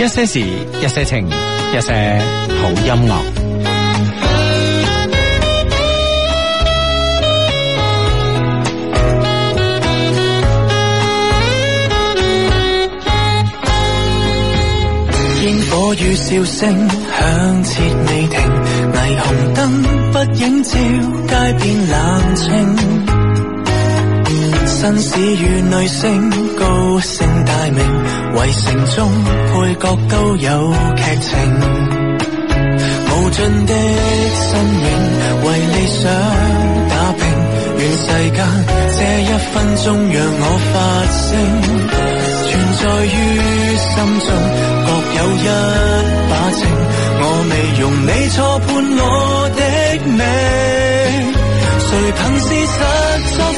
一些事，一些情，一些好音樂。煙火與笑聲響徹未停，霓虹燈不映照街邊冷清。身死與女性高聲大名，圍城中配角都有劇情。無盡的生命為理想打拼，願世間這一分鐘讓我發聲。存在於心中各有一把秤。我未容你錯判我的命，誰憑事實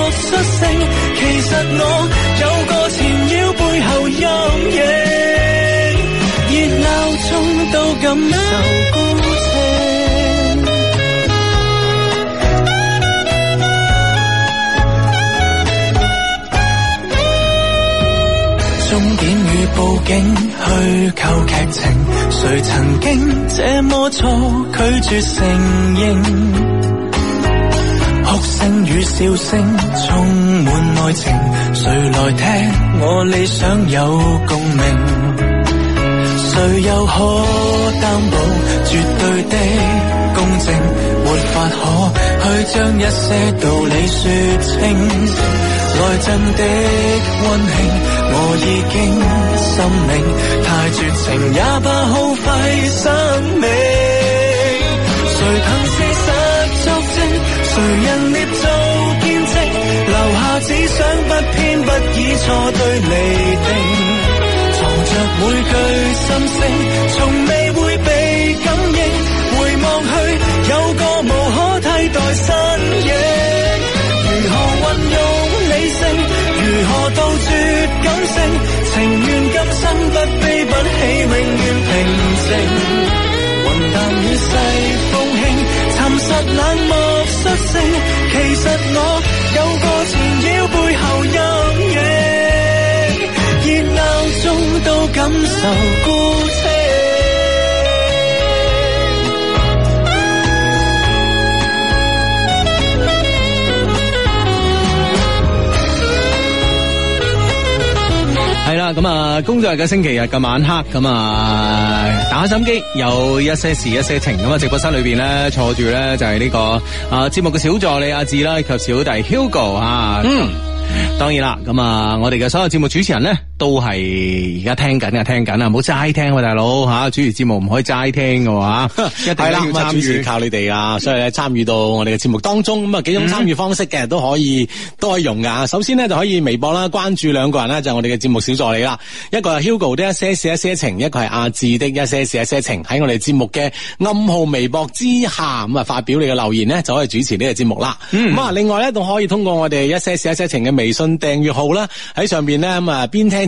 失聲，其實我有個纏繞背後陰影，熱鬧中都感受孤清。終點與佈景，虛構劇情，誰曾經這麼做拒絕承認？哭聲與笑聲充滿愛情，誰來聽我理想有共鳴？誰又可擔保絕對的公正？沒法可去將一切道理說清。來真的溫馨，我已經心領。太絕情也怕耗費生命，誰憑事實作證？誰人捏造偏見，留下只想不偏不倚錯對釐定，藏着每句心聲，從未會被感應。回望去，有個無可替代身影。如何運用理性？如何杜絕感性？情願今生不悲不喜，永遠平靜。雲淡雨細風輕，沉實冷漠。失聲，其實我有個纏繞背後陰影，熱鬧中都感受孤清。咁啊，工作日嘅星期日嘅晚黑，咁啊打開心機，有一些事，一些情。咁啊，直播室裏邊咧坐住咧就係呢、這個啊節、呃、目嘅小助理阿志啦，及小弟 Hugo 吓、啊。嗯，當然啦，咁啊我哋嘅所有節目主持人咧。都係而家聽緊啊，聽緊啊，唔好齋聽喎，大佬吓，主持節目唔可以齋聽嘅話，係 啦，參與靠你哋啊，所以咧參與到我哋嘅節目當中，咁啊幾種參與方式嘅、嗯、都可以，都可以用噶。首先咧就可以微博啦，關注兩個人啦就係、是、我哋嘅節目小助理啦，一個係 Hugo 的一些事一些情，一個係阿志的一些事一些情，喺我哋節目嘅暗號微博之下咁啊發表你嘅留言咧，就可以主持呢個節目啦。咁啊、嗯，另外咧仲可以通過我哋一些事一些情嘅微信訂閱號啦，喺上邊咧咁啊邊聽。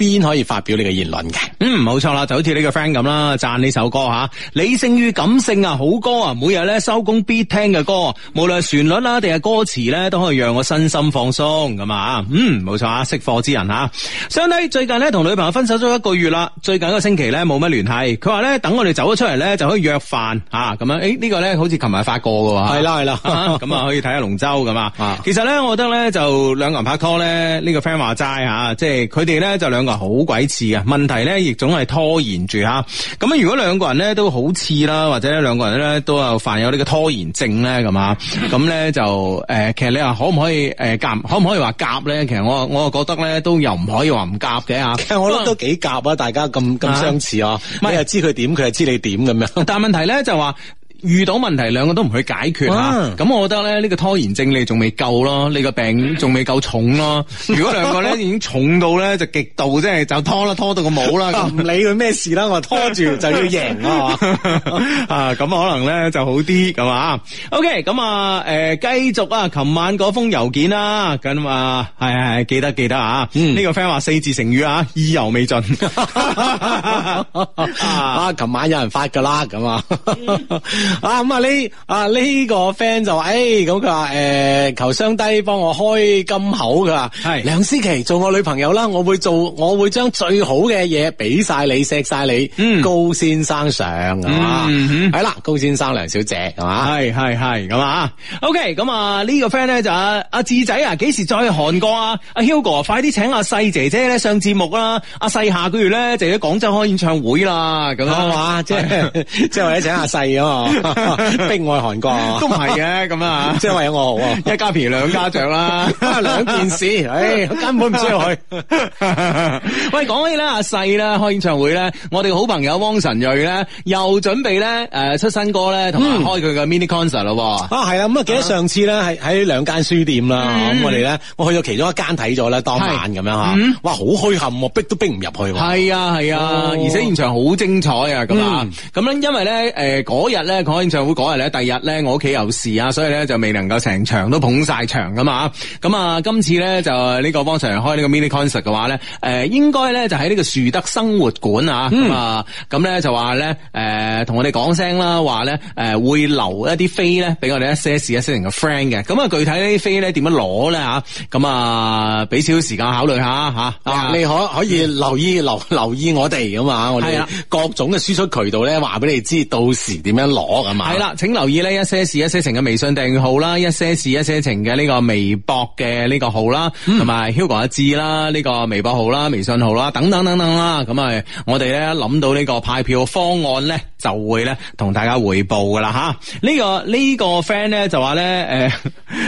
邊可以發表你嘅言論嘅？嗯，冇錯啦，就好似呢個 friend 咁啦，讚呢首歌吓，理性與感性啊，好歌啊，每日咧收工必聽嘅歌，無論係旋律啦，定係歌詞咧，都可以讓我身心放鬆咁啊！嗯，冇錯啊，識貨之人吓。兄弟最近咧同女朋友分手咗一個月啦，最近一個星期咧冇乜聯繫，佢話咧等我哋走咗出嚟咧就可以約飯啊咁樣。誒、哎，呢、這個咧好似琴日發過嘅喎。係啦係啦，咁啊 可以睇下龍舟咁啊。其實咧，我覺得咧就兩個人拍拖咧，呢、這個 friend 話齋吓，即係佢哋咧就兩個。好鬼似啊！問題咧，亦總係拖延住吓。咁啊，如果兩個人咧都好似啦，或者兩個人咧都有犯有呢個拖延症咧，咁啊， 咁咧就誒，其實你話可唔可以誒夾、呃，可唔可以話夾咧？其實我我覺得咧，都又唔可以話唔夾嘅啊。其實我諗都幾夾但啊，大家咁咁相似啊，咪又知佢點，佢又知你點咁樣。是樣 但係問題咧就話、是。遇到問題，兩個都唔去解決哇啊，咁我覺得咧呢、這個拖延症你仲未夠咯，你個病仲未夠重咯。如果兩個咧 已經重到咧就極度即係就拖啦，拖到個冇啦，唔理佢咩事啦，我拖住就要贏 啊嘛啊咁可能咧就好啲咁、okay, 啊。OK，咁啊誒繼續啊，琴晚嗰封郵件啦、啊，咁啊係係、哎、記得記得啊，呢、嗯、個 friend 話四字成語啊意猶未盡 啊，琴、啊、晚有人發噶啦咁啊。啊啊咁，啊呢啊呢個 friend 就誒咁佢話，誒求相低幫我開金口㗎。係梁思琪，做我女朋友啦，我會做，我會將最好嘅嘢俾晒你，錫晒你。高先生上係嘛？係啦，高先生、梁小姐係嘛？係係係。咁啊 OK 咁啊呢個 friend 咧，就阿志仔啊，幾時再去韓國啊，阿 Hugo 快啲請阿細姐姐咧上節目啦，阿細下個月咧就喺廣州開演唱會啦。咁啊嘛即係即係我哋請阿細啊嘛逼外韓國都唔係嘅咁啊，即係話有我好，一家便兩家長啦，兩件事，唉根本唔需要去。喂，講起咧,阿細咧開演唱會咧，我哋個好朋友汪晨睿咧又準備咧誒出新歌咧，同埋開佢嘅 mini concert 咯。啊，係啊，咁啊記得上次咧喺喺兩間書店啦，咁我哋咧我去到其中一間睇咗咧當晚咁樣吓，哇好墟冚，逼都逼唔入去。係啊係啊，而且現場好精彩啊，咁啊，咁咧因為咧誒嗰日咧。開演唱會嗰日咧，第日咧我屋企有事啊，所以咧就未能夠成場都捧晒場噶嘛。咁啊，啊，今次咧就呢、這個幫陳陽開呢、這個 mini concert 嘅話咧，誒、啊，應該咧就喺呢個樹德生活館啊。咁、嗯、啊，咁咧就話咧，誒、呃，同我哋講聲啦，話咧，誒、啊，會留一啲飛咧俾我哋一些一些，一些情嘅 friend 嘅。咁啊，啊，具體呢啲飛咧點樣攞咧吓？咁啊，俾少少時間考慮下吓。啊，啊你可可以留意、嗯、留留意我哋噶嘛？我哋各種嘅輸出渠道咧，話俾你知，到時點樣攞。係啦，請留意呢一些事一些情嘅微信訂閱號啦，一些事一些情嘅呢個微博嘅呢個號啦，同埋 Hugo 阿志啦呢個微博號啦、微信號啦等等等等啦。咁啊，我哋咧諗到呢個派票方案咧，就會咧同大家匯報噶啦吓。呢、呢個呢、呢個 friend 咧就話咧誒，呢、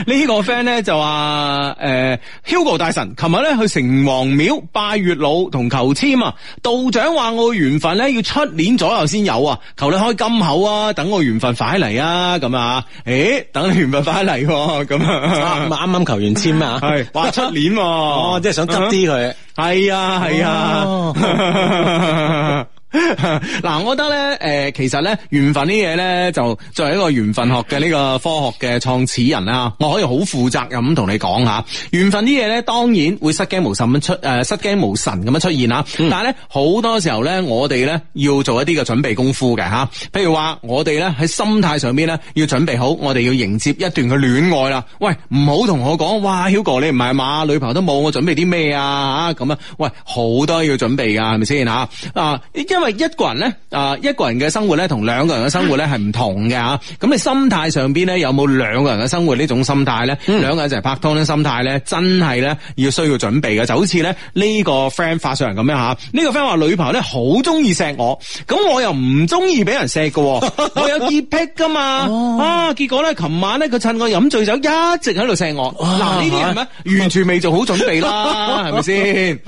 呃呢個 friend 咧就話誒、呃、Hugo 大神，琴日咧去城隍廟拜月老同求簽啊，道長話我嘅緣分咧要七年左右先有啊，求你開金口啊，等我。緣分快嚟啊！咁啊，誒、欸，等你緣分快嚟咁啊，啱啱求完簽啊，係話出年，啊，哦， 即係想執啲佢，係啊，係啊。嗱、 啊，我覺得咧，誒、呃，其實咧，緣分啲嘢咧，就作為一個緣分學嘅呢個科學嘅創始人啊，我可以好負責任咁同你講吓，緣分啲嘢咧，當然會失驚無神咁出，誒、呃，失驚無神咁樣出現吓，但係咧好多時候咧，我哋咧要做一啲嘅準備功夫嘅吓，譬如話我哋咧喺心態上邊咧要準備好，我哋要迎接一段嘅戀愛啦，喂，唔好同我講，哇，曉哥你唔係嘛，女朋友都冇，我準備啲咩啊，吓咁啊，喂，好多要準備噶，係咪先吓？啊，因為。因為一個人咧，啊、呃，一個人嘅生活咧，同兩個人嘅生活咧係唔同嘅吓。咁你心態上邊咧，有冇兩個人嘅生活呢種心態咧？兩、嗯、個人就係拍拖呢心態咧，真係咧要需要準備嘅。就好似咧呢、這個 friend 發上嚟咁樣吓，呢、啊這個 friend 話女朋友咧好中意錫我，咁我又唔中意俾人錫嘅、啊，我有潔癖噶嘛。 啊，結果咧琴晚咧佢趁我飲醉酒，一直喺度錫我。嗱哇呢啲係咩？啊、完全未做好準備啦，係咪先？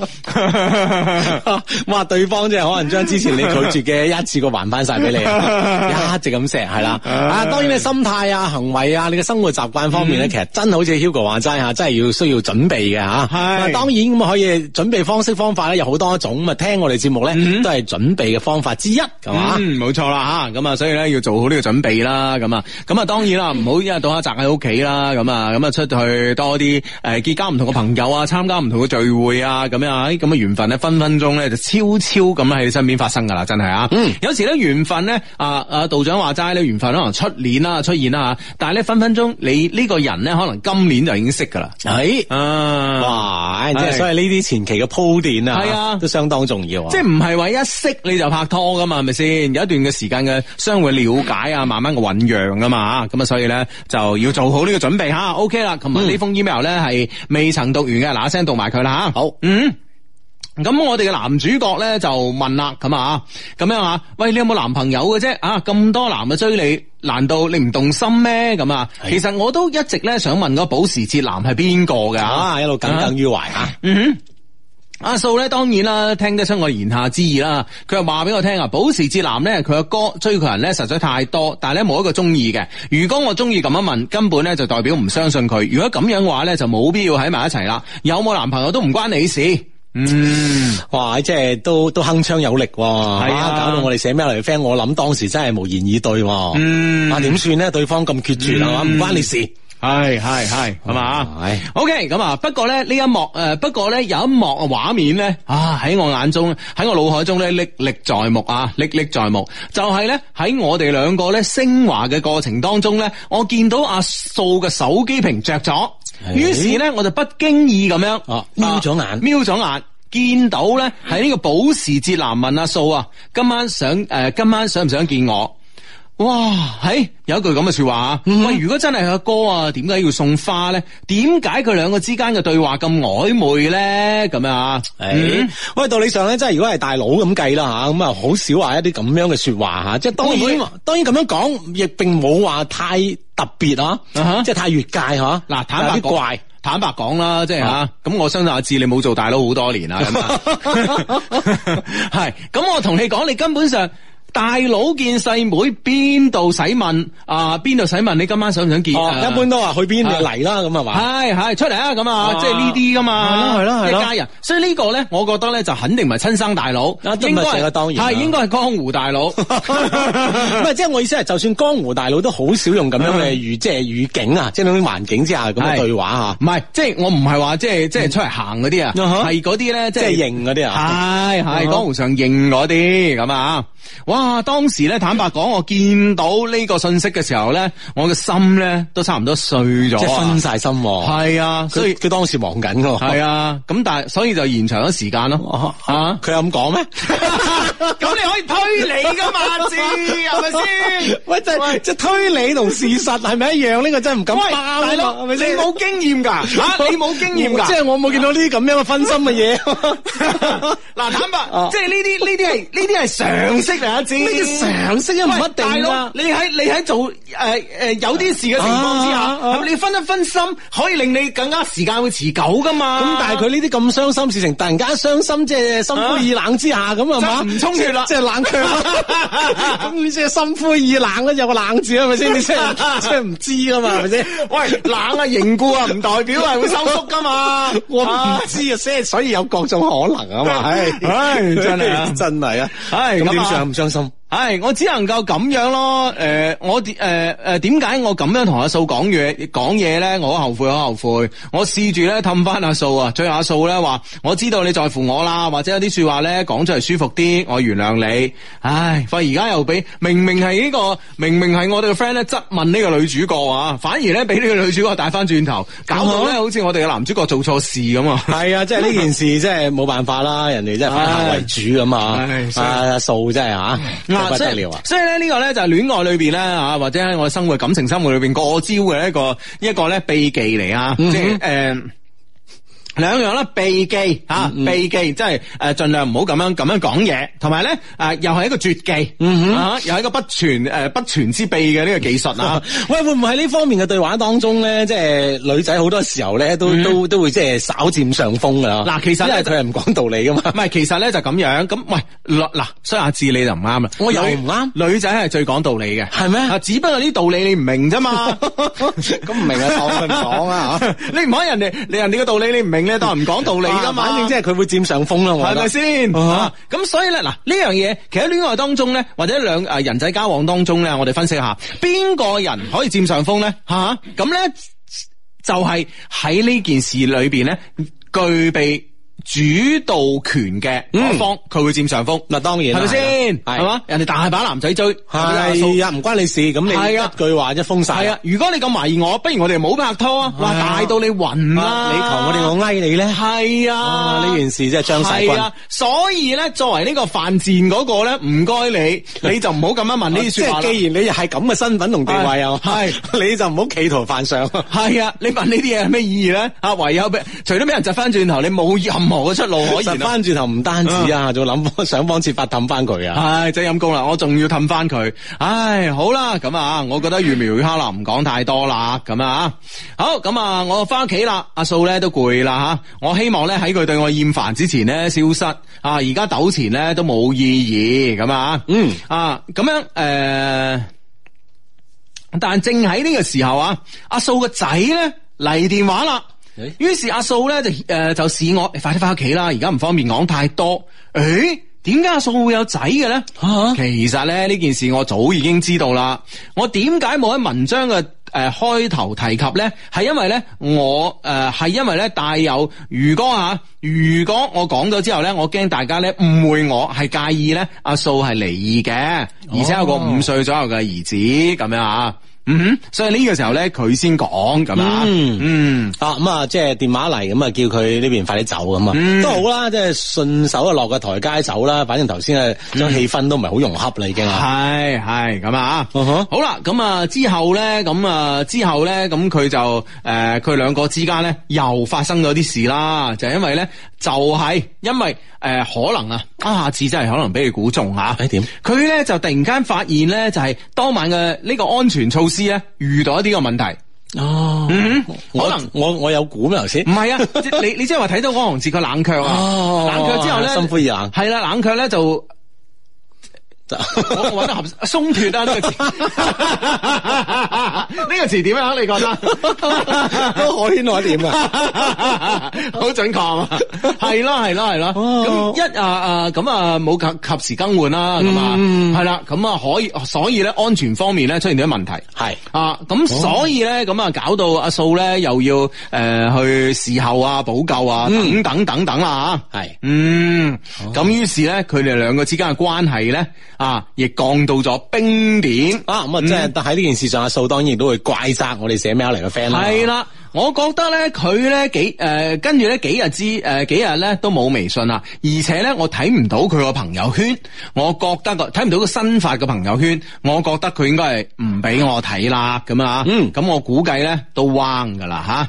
哇，對方真係可能將之你拒絕嘅一次過還翻晒俾你， 一直咁錫係啦。啊，當然你心態啊、行為啊、你嘅生活習慣方面咧，嗯、其實真係好似 Hugo 話齋嚇，真係要需要準備嘅嚇。係是、啊，當然咁可以準備方式方法咧有好多種啊，聽我哋節目咧都係準備嘅方法之一係嘛？冇、嗯吧嗯、錯啦嚇，咁啊，所以咧要做好呢個準備啦，咁啊，咁啊當然啦，唔好、嗯、一日到黑宅喺屋企啦，咁啊，咁啊出去多啲誒結交唔同嘅朋友啊，參加唔同嘅聚會啊，咁樣啊，咁嘅緣分咧分，分分鐘咧就悄悄咁喺你身邊發生。真噶啦，真係啊！嗯，有時咧緣分咧，啊啊道長話齋咧，緣分可能出年啦出現啦吓，但係咧分分鐘你呢個人咧，可能今年就已經識噶啦，係、哎、啊，哇！即係、啊、所以呢啲前期嘅鋪墊啊，係啊，都相當重要、啊。即係唔係話一識你就拍拖噶嘛，係咪先？有一段嘅時間嘅相互了解啊，慢慢嘅醞釀噶嘛，咁啊，所以咧就要做好呢個準備吓。OK 啦，琴日呢封 email 咧係、嗯、未曾讀完嘅，嗱聲讀埋佢啦吓。好，嗯。咁我哋嘅男主角咧就問啦，咁啊，咁樣啊，喂，你有冇男朋友嘅、啊、啫？啊，咁多男嘅追你，難道你唔動心咩？咁啊，是其實我都一直咧想問個保時捷男係邊個嘅啊，一路耿耿於懷啊，啊，啊。嗯哼，阿素咧當然啦，聽得出我言下之意啦。佢話話俾我聽啊，保時捷男咧佢阿哥追佢人咧實在太多，但係咧冇一個中意嘅。如果我中意咁樣問，根本咧就代表唔相信佢。如果咁樣嘅話咧，就冇必要喺埋一齊啦。有冇男朋友都唔關你事。嗯，哇！即係都都鏗鏘有力，啊，係啊，啊，搞到我哋寫咩嚟 friend，我諗當時真係無言以對，啊，嗯，啊點算咧？對方咁決絕啊嘛，唔、嗯、關你事，係係係，係嘛？係，OK，咁啊，不過咧呢一幕誒，不過咧有一幕嘅畫面咧，啊喺我眼中喺我腦海中咧歷歷在目啊歷歷在目，就係咧喺我哋兩個咧升華嘅過程當中咧，我見到阿素嘅手機屏着咗。於是咧，我就不經意咁樣啊，瞄咗眼，瞄咗眼,眼，見到咧喺呢個保時捷男問阿素啊，今晚想誒、呃，今晚想唔想見我？哇，係有一句咁嘅說話啊！喂，如果真係佢阿哥啊，點解要送花咧？點解佢兩個之間嘅對話咁曖昧咧？咁啊，誒，喂，道理上咧，真係如果係大佬咁計啦吓，咁啊，好少話一啲咁樣嘅說話吓，即係當然，當然咁樣講，亦並冇話太特別啊，即係太越界嗬。嗱，坦白啲怪，坦白講啦，即係吓，咁我相信阿志你冇做大佬好多年啦，係，咁我同你講，你根本上。大佬見細妹邊度使問啊？邊度使問你今晚想唔想見？哦，一般都話去邊嚟啦，咁係嘛？係，係出嚟啊！咁啊，即係呢啲噶嘛，係咯，係咯，係一家人。所以呢個咧，我覺得咧就肯定唔係親生大佬，應該係，應該係江湖大佬。唔係，即係我意思係，就算江湖大佬都好少用咁樣嘅語，即係語境啊，即係嗰啲環境之下咁嘅對話吓。唔係，即係我唔係話即係即係出嚟行嗰啲啊，係嗰啲咧，即係認嗰啲啊。係，係江湖上認嗰啲咁啊，哇！啊！當時咧，坦白講，我見到呢個信息嘅時候咧，我嘅心咧都差唔多碎咗，即係分晒心。係啊，所以佢當時忙緊㗎喎。係啊，咁但係所以就延長咗時間咯。啊，佢有咁講咩？咁你可以推理㗎嘛？字係咪先？喂，即係推理同事實係咪一樣？呢個真係唔敢包咯。係你冇經驗㗎，你冇經驗㗎，即係我冇見到呢啲咁樣嘅分心嘅嘢。嗱，坦白，即係呢啲呢啲係呢啲係常識嚟咩嘅常識都唔一定咯，你喺你喺做誒誒有啲事嘅情況之下，係咪你分一分心可以令你更加時間會持久噶嘛？咁但係佢呢啲咁傷心事情，突然間傷心，即係心灰意冷之下咁係嘛？唔充血啦，即係冷卻，咁即係心灰意冷有個冷字係咪先？你即係即係唔知噶嘛？係咪先？喂，冷啊凝固啊，唔代表係會收縮噶嘛？我唔知啊，即係所以有各種可能啊嘛？唉，真係真係啊，唉，咁傷唔傷心？唉、哎，我只能夠咁樣咯。誒、呃，我點誒誒，點、呃、解我咁樣同阿素講嘢講嘢咧？我後悔，我後悔。我試住咧氹翻阿素啊，最後阿素咧話，我知道你在乎我啦，或者有啲說話咧講出嚟舒服啲，我原諒你。唉、哎，發而家又俾明明係呢、這個明明係我哋嘅 friend 咧質問呢個女主角啊，反而咧俾呢個女主角帶翻轉頭，搞到咧好似我哋嘅男主角做錯事咁啊！係、嗯、 啊，即係呢件事即係冇辦法啦，人哋即係反客為主咁、哎、啊！阿阿以、啊、素真係吓。啊所以，所以咧呢個咧就係戀愛裏邊咧吓，或者喺我生活感情生活裏邊過招嘅一個一個咧秘技嚟啊，即係誒。就是呃兩樣啦，避忌吓，避、啊、忌即係誒，盡、啊、量唔好咁樣咁樣講嘢，同埋咧誒，又係一個絕技，mm hmm. 啊、又係一個不全誒、啊、不全之秘嘅呢個技術啊。 喂，會唔會喺呢方面嘅對話當中咧，即係女仔好多時候咧，都、mm hmm. 都都會即係稍佔上風噶、啊。嗱是，其實係佢唔講道理噶嘛。唔係，其實咧就咁、是、樣。咁喂，嗱，所以阿智你就唔啱啦。我、哦、又唔啱。女仔係最講道理嘅。係咩嗎？啊，只不過呢啲道理你唔明啫嘛。咁唔 明啊，當佢講啊，你唔可以人哋，你人哋嘅道理你唔明。但都係唔講道理噶嘛，反正即係佢會佔上風啦，係咪先？咁、啊、所以咧，嗱呢樣嘢，其實戀愛當中咧，或者兩誒人際交往當中咧，我哋分析下邊個人可以佔上風咧吓？咁、啊、咧就係喺呢件事裏邊咧具備。主導權嘅方，佢會佔上風。嗱，當然係咪先？係嘛，人哋大把男仔追，係啊，唔關你事。咁你一句話啫，封晒。係啊，如果你咁懷疑我，不如我哋冇拍拖啊！哇，大到你暈啊！你求我哋我嗌你咧，係啊，呢件事真係將晒。係啊，所以咧，作為呢個犯賤嗰個咧，唔該你，你就唔好咁樣問呢啲說話。即係既然你係咁嘅身份同地位又係，你就唔好企圖犯上。係啊，你問呢啲嘢係咩意義咧？啊，唯有俾，除咗俾人窒翻轉頭，你冇冇個出路可以，實翻轉頭唔單止想啊，仲諗想方設法氹翻佢啊！唉，真陰功啦，我仲要氹翻佢。唉，好啦，咁啊，我覺得愈描愈黑啦，唔講太多啦，咁啊，好咁啊，我翻屋企啦，阿素咧都攰啦吓，我希望咧喺佢對我厭煩之前咧消失啊，而家糾纏咧都冇意義咁啊，嗯啊，咁樣誒、呃，但正喺呢個時候啊，阿素個仔咧嚟電話啦。.於是阿素咧就誒、呃、就試我，你快啲翻屋企啦，而家唔方便講太多。誒、欸，點解阿素會有仔嘅咧？吓、啊，其實咧呢件事我早已經知道啦。我點解冇喺文章嘅誒、呃、開頭提及咧？係因為咧我誒係、呃、因為咧帶有如果吓，如果我講咗之後咧，我驚大家咧誤會我係介意咧阿素係離異嘅，而且有個五歲左右嘅兒子咁、哦、樣啊。嗯哼，所以呢個時候咧，佢先講咁啊。嗯嗯，啊咁、嗯、啊，即係電話嚟，咁啊叫佢呢邊快啲走咁啊，都、嗯、好啦，即係順手啊落個台階走啦。反正頭先啊，將氣氛都唔係好融洽啦，已經係係咁啊。嗯哼，好啦，咁啊之後咧，咁啊之後咧，咁佢就誒，佢、呃、兩個之間咧又發生咗啲事啦。就係、是、因為咧，就係、是、因為誒、呃、可能啊，啊下次真係可能俾佢估中吓。誒點、欸？佢咧就突然間發現咧，就係、是、當晚嘅呢個安全措施。知咧遇到一啲嘅問題哦，嗯、我可能我我，我有估咩，頭先，唔係啊， 你你即係話睇到嗰行字個冷卻、哦、啊，冷卻之後咧，心灰意冷，係啦，冷卻咧就。 我我得鬆脫啊！呢、這個詞，呢 個詞點樣、啊？你覺得？ 都可圈可點啊？ 好準確啊嘛？係啦係啦係啦。咁一啊啊咁啊冇及及時更換啦，咁啊係啦。咁啊可以，所以咧安全方面咧出現咗問題，係是啊咁所以咧咁啊搞到阿素咧又要誒去事後啊補救啊等等等等啦吓，係嗯咁於是咧佢哋兩個之間嘅關係咧。啊！亦降到咗冰點啊！咁啊，即係喺呢件事上，阿蘇當然都會怪責我哋寫咩嚟嘅 friend 啦。係啦，我覺得咧，佢咧幾誒，跟住咧幾日之誒，幾日咧都冇微信啦，而且咧我睇唔到佢個朋友圈，我覺得個睇唔到個新發嘅朋友圈，我覺得佢應該係唔俾我睇啦，咁啊，嗯，咁我估計咧都彎噶啦，吓，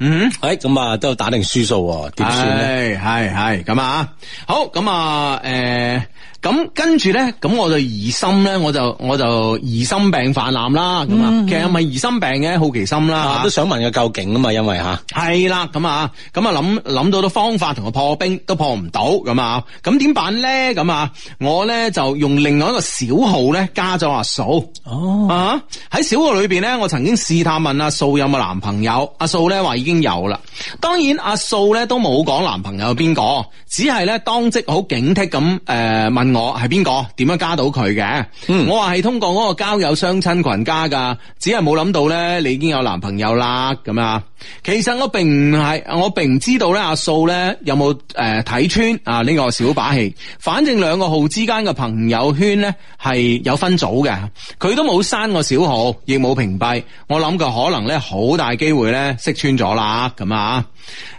嗯，係咁啊，都打定輸數，點算咧？係係咁啊，好咁啊，誒。咁跟住咧，咁我就疑心咧，我就我就疑心病泛濫、嗯嗯、啦。咁啊，其實係咪疑心病嘅好奇心啦，都想問個究竟啊嘛，因為吓係啦，咁啊，咁啊諗諗到啲方法同佢破冰都破唔到，咁啊，咁點辦咧？咁啊，我咧就用另外一個小號咧加咗阿素。哦，啊喺小號裏邊咧，我曾經試探問阿素有冇男朋友，阿素咧話已經有啦。當然阿素咧都冇講男朋友邊個，只係咧當即好警惕咁誒問我係邊個？點樣加到佢嘅？嗯，我話係通過嗰個交友相親群加噶，只係冇諗到咧，你已經有男朋友啦咁啊！其實我並唔係，我並唔知道咧、啊，阿素咧有冇誒睇穿啊呢、這個小把戲。反正兩個號之間嘅朋友圈咧係有分組嘅，佢都冇刪過小號，亦冇屏蔽。我諗佢可能咧好大機會咧識穿咗啦，咁啊，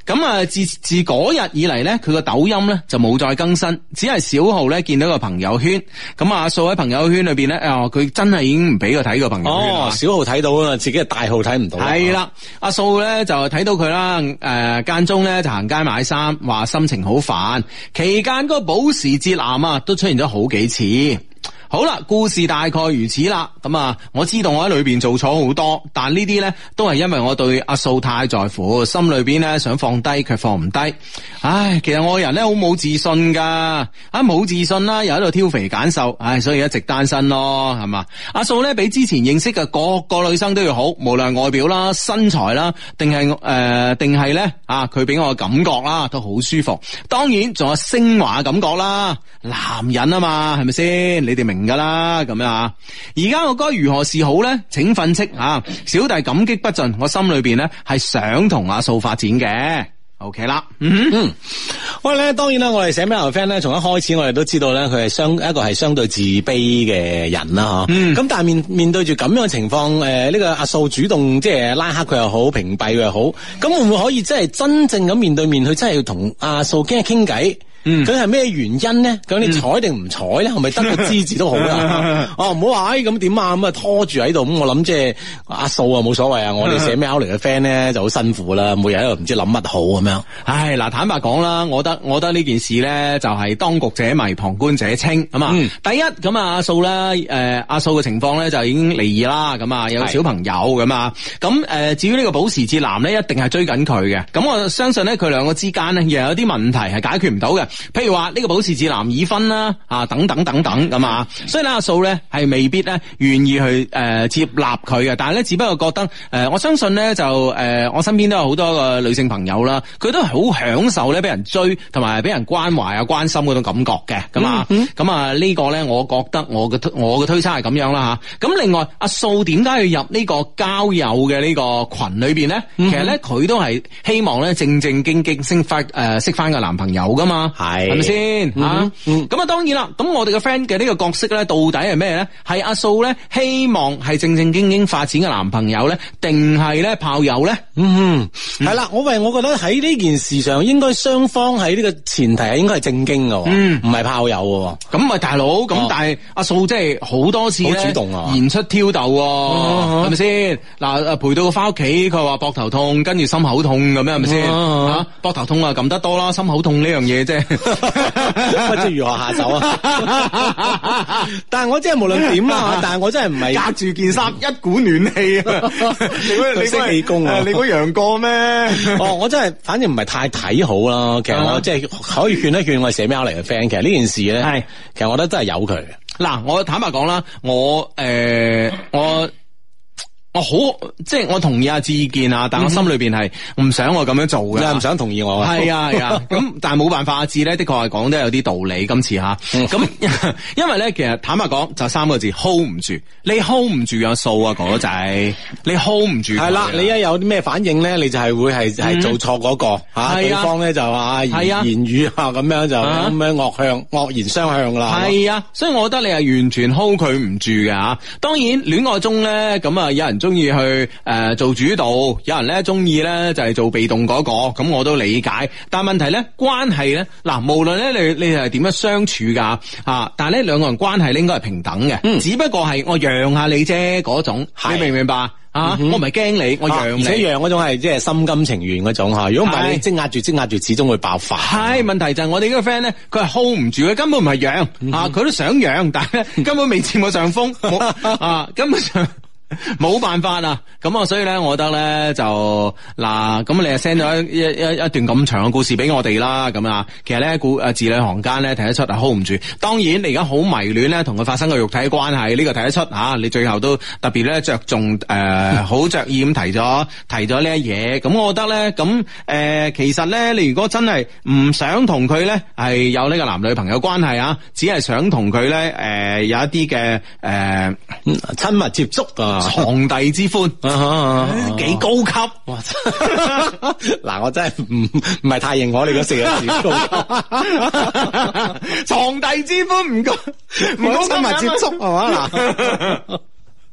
咁啊自自嗰日以嚟咧，佢個抖音咧就冇再更新，只係小號咧見到一個朋友圈。咁啊，阿素喺朋友圈裏邊咧，啊、呃、佢真係已經唔俾佢睇個朋友圈了、哦。小號睇到啊，自己個大號睇唔到係啦，阿、啊、素咧。咧就睇到佢啦，誒、呃、間中咧就行街買衫，話心情好煩。期間個保時捷男啊，都出現咗好幾次。好啦，故事大概如此啦。咁、嗯、啊，我知道我喺裏邊做錯好多，但呢啲咧都係因為我對阿素太在乎，心裏邊咧想放低卻放唔低。唉，其實我人咧好冇自信噶，啊冇自信啦，又喺度挑肥揀瘦，唉，所以一直單身咯，係嘛？阿素咧比之前認識嘅個個女生都要好，無論外表啦、身材啦，定係誒、呃，定係咧啊，佢俾我嘅感覺啦都好舒服。當然仲有升華嘅感覺啦，男人啊嘛，係咪先？你哋明白？噶啦，咁樣啊！而家我該如何是好咧？請訓斥啊！小弟感激不盡，我心裏邊咧係想同阿素發展嘅。OK 啦，嗯，嗯喂咧，當然啦，我哋寫咩牛 friend 咧，從一開始我哋都知道咧，佢係相一個係相對自卑嘅人啦，吓、嗯，咁但係面面對住咁樣嘅情況，誒，呢個阿素主動即係拉黑佢又好，屏蔽佢又好，咁會唔會可以即係真正咁面對面去真係要同阿素傾傾偈？咁係咩原因，究竟你睬定唔睬咧？係咪、嗯、得個支持都好啦、啊？哦、 啊，唔好話咁點啊咁啊拖住喺度咁，我諗即係阿素啊，冇所謂啊！我哋寫咩口嚟嘅 friend 咧，就好辛苦啦，每日喺度唔知諗乜好咁樣。唉，嗱，坦白講啦，我覺得我覺得呢件事呢，就係當局者迷，旁觀者清咁啊。嗯嗯、第一咁啊，阿素啦誒，阿素嘅情況咧就已經離異啦，咁啊有小朋友咁啊。咁誒是，至於呢個保時捷男呢，一定係追緊佢嘅。咁我相信呢，佢兩個之間呢，又有啲問題係解決唔到嘅。譬如話呢個《保時捷男已婚》啦啊，等等等等咁啊，所以咧阿素咧係未必咧願意去誒接納佢嘅，但係咧只不過覺得誒，我相信咧就誒，我身邊都有好多個女性朋友啦，佢都好享受咧俾人追同埋俾人關懷啊關心嗰種感覺嘅，咁啊咁啊呢個咧我覺得我嘅我嘅推測係咁樣啦吓。咁另外阿素點解要入呢個交友嘅呢個群裏邊咧？其實咧佢都係希望咧正正經經認認識翻誒識翻個男朋友噶嘛吓。係，係咪先吓？咁啊、嗯，嗯、當然啦。咁我哋嘅 friend 嘅呢個角色咧，到底係咩咧？係阿素咧，希望係正正經經發展嘅男朋友咧，定係咧炮友咧、嗯？嗯，係啦。我為我覺得喺呢件事上，應該雙方喺呢個前提係應該係正經嘅，唔係、嗯、炮友嘅。咁啊、嗯，大佬咁，但係阿素即係好多次咧，哦哦、主動啊，言出挑逗，係咪先？嗱，陪到佢翻屋企，佢話膊頭痛，跟住心口痛咁樣，係咪先吓？膊頭痛啊，撳、啊、得多啦，心口痛呢樣嘢啫。 不知如何下手啊！ 但係我，我真係無論點啊，但係我真係唔係隔住件衫，一股暖氣。你你識氣功啊？ 你估楊 過咩？ 哦，我真係反正唔係太睇好啦。其實我即係、嗯、可以勸一勸我寫喵嚟嘅 friend。其實呢件事咧，係是其實我覺得真係有佢。嗱，我坦白講啦，我誒、呃、我。我好，即係我同意阿志意見啊，但我心裏邊係唔想我咁樣做嘅，你唔想同意我。係啊係啊，咁、啊、 但係冇辦法，阿志咧的確係講得有啲道理。今次吓，咁、啊、 因為咧，其實坦白講就三個字 hold 唔住，你 hold 唔住個數啊，哥哥仔，你 hold 唔住。係啦，你一有啲咩反應咧，你就係會係係做錯嗰、嗰個吓，對方咧就話言、啊、言語啊咁樣就咁樣惡向惡、啊、言相向啦。係啊，所以我覺得你係完全 hold 佢唔住嘅吓、啊。當然戀愛中咧咁啊，有人。中意去誒、呃、做主導，有人咧中意咧就係、是、做被動嗰、那個，咁我都理解。但係問題咧，關係咧，嗱，無論咧你你係點樣相處噶吓、啊，但係咧兩個人關係應該係平等嘅，嗯、只不過係我讓下你啫嗰種，是 你明唔明白、嗯、哼 啊？我唔係驚你，我讓你、啊，而且讓嗰種係即係心甘情願嗰種吓。如果唔係，你積壓住積壓住，始終會爆發。係問題就係我哋呢個 friend 咧，佢係 hold 唔住嘅，佢根本唔係讓啊，佢、嗯哼 啊、都想讓，但係、嗯、哼 根本未佔我上風， 啊根本上。冇辦法啊！咁啊，所以咧，我覺得咧就嗱，咁你啊 send 咗一一一段咁長嘅故事俾我哋啦。咁啊，其實咧故啊字裏行間咧睇得出係 hold 唔住。當然你，你而家好迷戀咧，同佢發生個肉體關係呢、呢個睇得出啊！你最後都特別咧着重誒，好、呃、着意咁提咗提咗呢一嘢。咁我覺得咧，咁、呃、誒，其實咧、呃，你如果真係唔想同佢咧係有呢個男女朋友關係啊，只係想同佢咧誒有一啲嘅誒親密接觸啊。床笫之歡，幾、啊啊啊啊、高級！嗱， 我真係唔唔係太認我你個四個字，床 帝之歡唔夠，唔夠親密接觸係嘛嗱。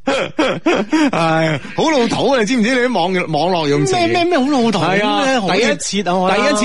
係好 老土啊！你知唔知？你啲網網絡用詞咩咩咩好老土啊！第一次第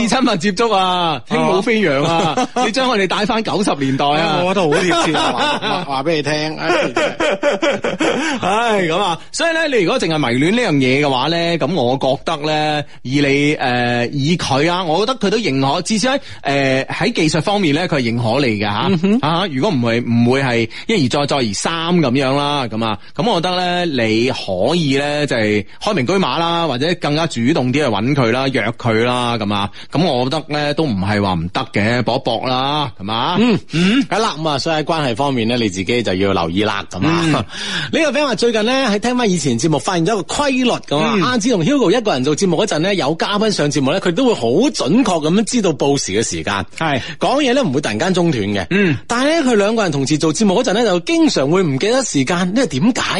一次親密接觸啊，輕舞 飛揚啊， 你將我哋帶翻九十年代啊！我覺得好貼切啊， 話俾你聽。 唉，咁啊，所以咧，你如果淨係迷戀呢樣嘢嘅話咧，咁我覺得咧，以你誒、呃，以佢啊，我覺得佢都認可，至少喺誒喺技術方面咧，佢係認可你嘅吓、啊嗯哼啊、如果唔係唔會係一而再，再而三咁樣啦，咁啊，咁、啊。我覺得咧，你可以咧，就係開名居馬啦，或者更加主動啲去揾佢啦，約佢啦，咁啊，咁我覺得咧都唔係話唔得嘅，搏一搏啦，係嘛、嗯？嗯嗯，係啦，咁啊，所以喺關係方面咧，你自己就要留意啦，咁啊、嗯。呢個 friend 話最近咧喺聽翻以前節目，發現咗一個規律㗎嘛。阿子同 Hugo 一個人做節目嗰陣咧，有嘉賓上節目咧，佢都會好準確咁樣知道報時嘅時間，係講嘢咧唔會突然間中斷嘅。嗯，但係咧佢兩個人同時做節目嗰陣咧，就經常會唔記得時間，呢個點解？咁樣樣，呢個規律咩？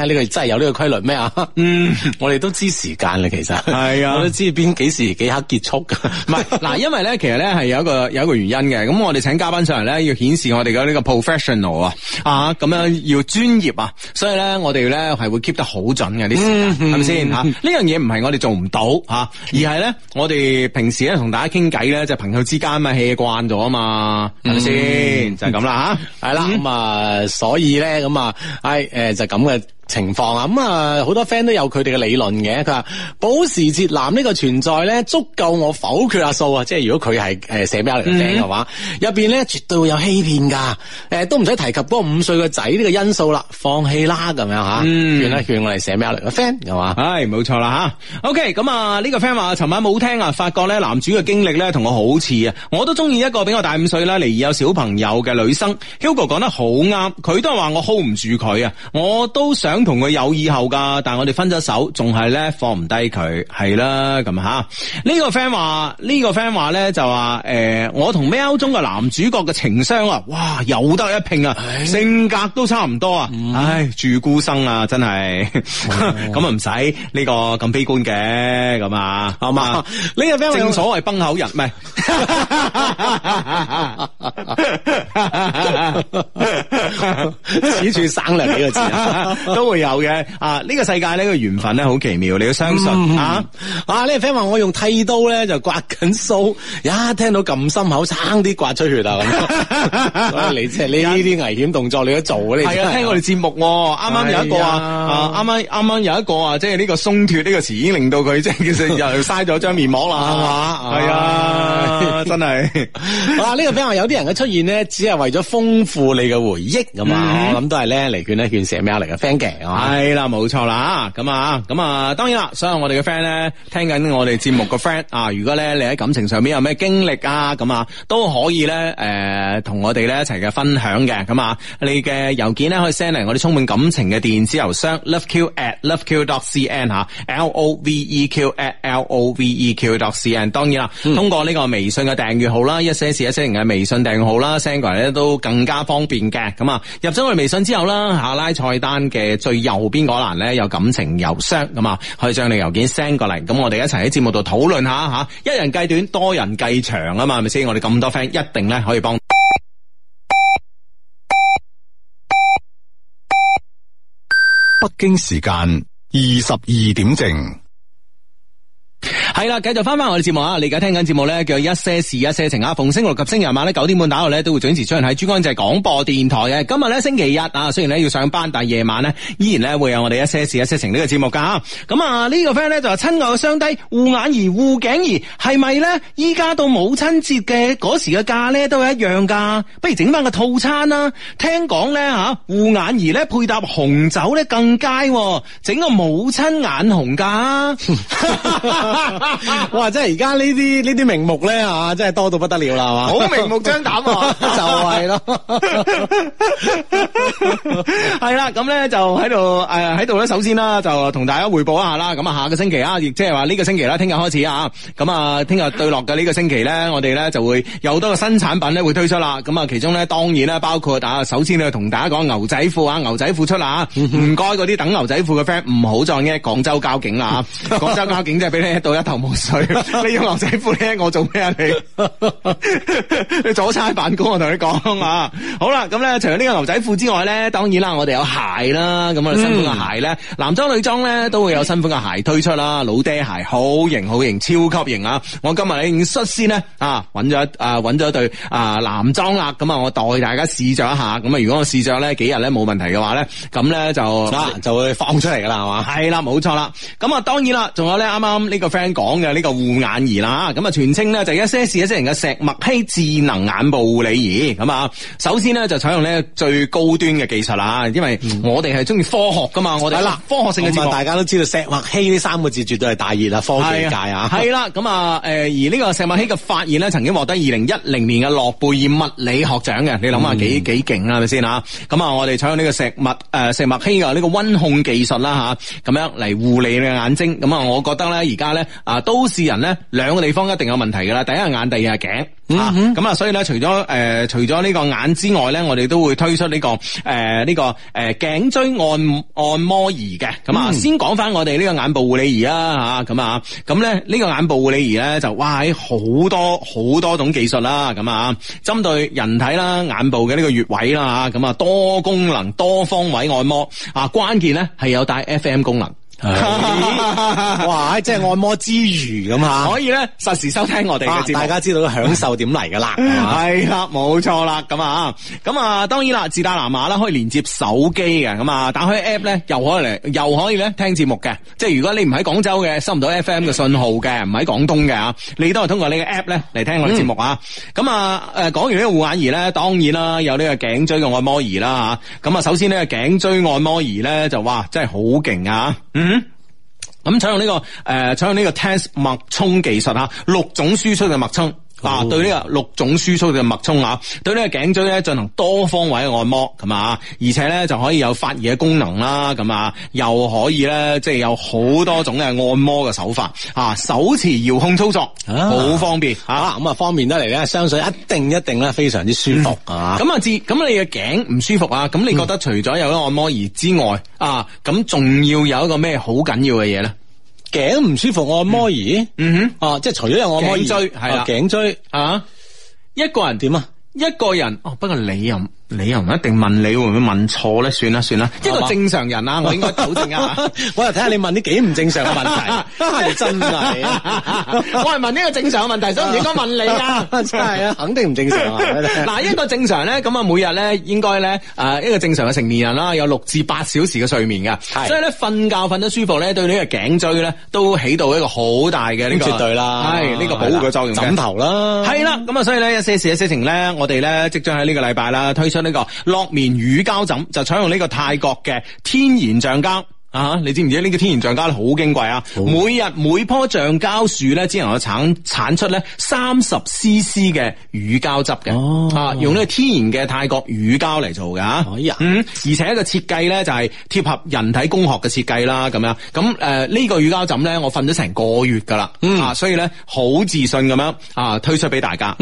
呢個真係有呢個規律咩啊？嗯，我哋都知時間咧，其實係啊，我都知邊幾時幾刻結束。唔係嗱，因為咧，其實咧係有一個有一個原因嘅。咁我哋請嘉賓上嚟咧，要顯示我哋嘅呢個 professional 啊，啊咁樣要專業啊。所以咧，我哋咧係會 keep 得好準嘅啲時間，係咪先吓？呢樣嘢唔係我哋做唔到吓，而係咧我哋平時咧同大家傾偈咧，就朋友之間嘛，hea 慣咗啊嘛，係咪先？就係咁啦吓，係啦咁啊。所以咧咁啊，唉，誒，就咁嘅情況啊，咁、嗯、啊，好多 friend 都有佢哋嘅理論嘅。佢話保時捷男呢個存在咧，足夠我否決阿數啊。即係如果佢係誒寫 mail 嘅話，入邊咧絕對會有欺騙噶。誒、呃，都唔使提及嗰個五歲個仔呢個因素啦，放棄啦咁樣吓，勸一勸我哋寫 mail 嚟嘅 friend 係嘛？唉、啊，冇錯啦吓。OK，咁啊，呢個 friend 話尋晚冇聽啊，發覺咧男主嘅經歷咧同我好似啊，我都中意一個比我大五歲啦，離異有小朋友嘅女生。Hugo 講得好啱，佢都係話我 hold 唔住佢啊，我都想。同佢有以後噶，但係我哋分咗手，仲係咧放唔低佢，係啦咁吓。這個這個、呢個 friend 話，呢個 friend 話咧就話，誒、欸，我同《喵中》嘅男主角嘅情商啊，哇，有得一拼啊，欸、性格都差唔多啊。嗯、唉，住孤生啊，真係咁啊，唔使呢個咁悲觀嘅，咁啊哇，好嘛？呢個 friend 正所謂崩口人，唔係此處省略幾個字。哈哈哈哈會有嘅啊！呢個世界呢個緣分咧好奇妙，你要相信啊！呢個 friend 話我用剃刀咧就刮緊須，一聽到咁心口差啲刮出血啊！所以你即係呢呢啲危險動作你都做你係啊，聽我哋節目，啱啱有一個啊，啱啱啱啱有一個啊，即係呢個鬆脱呢個詞已經令到佢即係其實又嘥咗張面膜啦，係嘛？係啊，真係！哇！呢個 friend 話有啲人嘅出現呢，只係為咗豐富你嘅回憶咁我諗都係咧嚟勸呢，勸蛇咩嚟嘅 friend 嘅。係啦，冇錯啦，咁啊，咁啊，當然啦，所有我哋嘅 friend 咧，聽緊我哋節目嘅 friend 啊，如果咧你喺感情上面有咩經歷啊，咁啊，都可以咧，誒、呃，同我哋咧一齊嘅分享嘅，咁啊，你嘅郵件咧可以 send 嚟我哋充滿感情嘅電子郵箱 loveq@loveq.cn 吓 L-O-V-E-Q@L-O-V-E-Q.cn 當然啦，嗯、通過呢個微信嘅訂閱號啦，一些事一些情嘅微信訂閱號啦，send 嚟咧都更加方便嘅，咁啊，入咗我哋微信之後啦，下拉菜單嘅。最右邊嗰欄咧有感情郵箱咁啊，可以將你郵件 send 過嚟，咁我哋一齊喺節目度討論下吓，一人計短，多人計長啊嘛，係咪先？我哋咁多 friend 一定咧可以幫。北京時間二十二點正。係啦，繼續翻翻我哋節目啊！你而家聽緊節目咧叫一些事一些情啊！逢星期六及星期日晚咧九點半打去咧都會準時出現喺珠江台廣播電台嘅。今日咧星期日啊，雖然咧要上班，但係夜晚咧依然咧會有我哋一些事一些情呢個節目噶。咁啊、這個、朋友呢個 friend 咧就話親愛嘅雙低護眼儀護頸儀係咪咧？依家到母親節嘅嗰時嘅價咧都係一樣噶，不如整翻個套餐啦。聽講咧吓護眼儀咧配搭紅酒咧更佳，整個母親眼紅噶。 哇！即係而家呢啲呢啲名目咧啊，真係多到不得了啦，係嘛？好明目張膽啊， 就係是咯了，係 啦。咁咧就喺度誒，喺度咧。首先啦，就同大家匯報一下啦。咁啊，下個星期啊，亦即係話呢個星期啦，聽日開始啊。咁啊，聽日對落嘅呢個星期咧，我哋咧就會有多個新產品咧會推出啦。咁啊，其中咧當然啦，包括首先咧同大家講牛仔褲啊，牛仔褲出啦。唔該，嗰啲等牛仔褲嘅 friend，唔好再驚廣州交警啦。廣州交警即係俾你。到一頭霧水，你用牛仔褲咧我做咩啊？你阻差 辦公，我同你講啊。好啦，咁咧除咗呢個牛仔褲之外咧，當然啦，我哋有鞋啦。咁我哋新款嘅鞋咧，嗯、男裝、女裝咧都會有新款嘅鞋推出啦。老爹鞋好型，好型，超級型啊！我今日已經率先呢，啊，揾咗啊，揾咗一對啊男裝啦。咁啊，我代大家試着一下。咁啊，如果我試着咧幾日咧冇問題嘅話咧，咁咧就啦帥、啊、就會放出嚟噶啦，係嘛？係啦，冇錯啦。咁啊，當然啦，仲有咧啱啱呢個。friend 講嘅呢個護眼儀啦，咁啊全稱呢，就一些事一些情嘅石墨烯智能眼部護理儀，咁啊首先呢，就採用咧最高端嘅技術啦，因為我哋係中意科學噶嘛，我哋係啦科學性嘅技術，大家都知道石墨烯呢三個字絕對係大熱啊，科技界啊，係啦、啊，咁啊誒而呢個石墨烯嘅發現呢，曾經獲得二零一零年嘅諾貝爾物理學獎嘅，你諗下幾幾勁啊係咪先啊？咁啊、嗯、我哋採用呢個石墨誒石墨烯嘅呢個溫控技術啦吓，咁樣嚟護理你嘅眼睛，咁啊我覺得咧而家咧。啊，都市人咧，兩個地方一定有問題噶啦。第一係眼，第二係頸。咁、嗯、哼啊，所以咧，除咗誒、呃，除咗呢個眼之外咧，我哋都會推出呢、這個誒，呢、呃這個誒、呃，頸椎按按摩儀嘅。咁啊，嗯、先講翻我哋呢個眼部護理儀啦，吓咁啊，咁、啊、咧呢、這個眼部護理儀咧就哇喺好多好多種技術啦，咁啊，針、啊、對人體啦眼部嘅呢個穴位啦吓，咁啊多功能多方位按摩啊，關鍵咧係有帶 FM 功能。 哇！即係按摩之餘咁吓， 可以咧實時收聽我哋嘅節目、啊，大家知道享受點嚟噶啦。係啦， 冇錯啦，咁啊，咁啊，當然啦，自帶藍牙啦，可以連接手機嘅，咁啊，打開 app 咧，又可以嚟，又可以咧聽節目嘅。即係如果你唔喺廣州嘅，收唔到 FM 嘅信號嘅，唔喺廣東嘅啊，你都係通過你嘅 app 咧嚟聽我哋節目、嗯、啊。咁啊，誒，講完呢個護眼儀咧，當然啦，有呢個頸椎嘅按摩儀啦吓。咁啊，首先呢個頸椎按摩儀咧就哇，真係好勁啊！嗯咁採用呢、這個誒採用呢個 test 脈衝技術嚇，六種輸出嘅脈衝。嗱對呢個六種輸出嘅脈衝啊，對呢個頸椎咧進行多方位按摩，咁啊而且咧就可以有發熱嘅功能啦，咁啊，又可以咧即係有好多種嘅按摩嘅手法啊！手持遙控操作，好方便啊！咁啊，方便得嚟咧，相信一定一定咧非常之舒服啊！咁啊， 至咁你嘅頸唔舒服啊？咁你覺得除咗有啲按摩儀之外，嗯、啊，咁仲要有一個咩好緊要嘅嘢咧？頸唔舒服按摩儀，嗯哼，哦、啊，即係除咗有按摩儀，椎啊頸椎啊，一個人點啊？樣一個人哦，不過你又你又唔一定問你，你會唔會問錯咧？算啦，算啦，一個正常人啊，我應該保證啊。我又睇下你問啲幾唔正常嘅問題，係真㗎。我係問呢個正常嘅問題，所以唔應該問你㗎。真係啊，肯定唔正常啊。嗱，一個正常咧，咁啊，每日咧應該咧啊一個正常嘅成年人啦，有六至八小時嘅睡眠㗎。是所以咧瞓覺瞓得舒服咧，對呢個頸椎咧都起到一個好大嘅呢樣、絕對啦，係呢、這個保護嘅作用的。怕枕頭啦，係啦，咁啊，所以咧一些事一些情咧，我哋咧即將喺呢個禮拜啦推出。呢、這個落棉乳膠枕就採用呢個泰國嘅天然橡膠啊！你知唔知呢個天然橡膠好矜貴啊？哦、每日每棵橡膠樹咧，只能夠產產出咧三十 CC 嘅乳膠汁嘅、哦、啊！用呢個天然嘅泰國乳膠嚟做嘅，可以啊！而且一個設計咧就係貼合人體工學嘅設計啦。咁樣咁誒，呢、啊這個乳膠枕咧，我瞓咗成個月噶啦，嗯、啊，所以咧好自信咁樣啊，推出俾大家。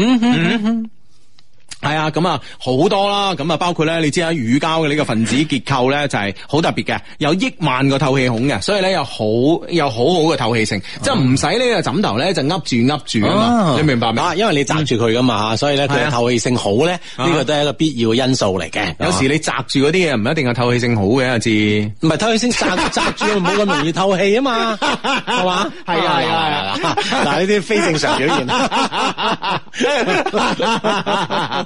係啊，咁啊好多啦，咁啊包括咧，你知啦，乳膠嘅呢個分子結構咧就係好特別嘅，有億萬個透氣孔嘅，所以咧有好有好好嘅透氣性，即係唔使呢個枕頭咧就噏住噏住啊嘛，你明白嘛？因為你扎住佢噶嘛，所以咧佢透氣性好咧，呢個都係一個必要嘅因素嚟嘅。有時你扎住嗰啲嘢，唔一定係透氣性好嘅，有時唔係透氣性扎扎住冇咁容易透氣啊嘛，係嘛？係啊係啊，嗱呢啲非正常表現。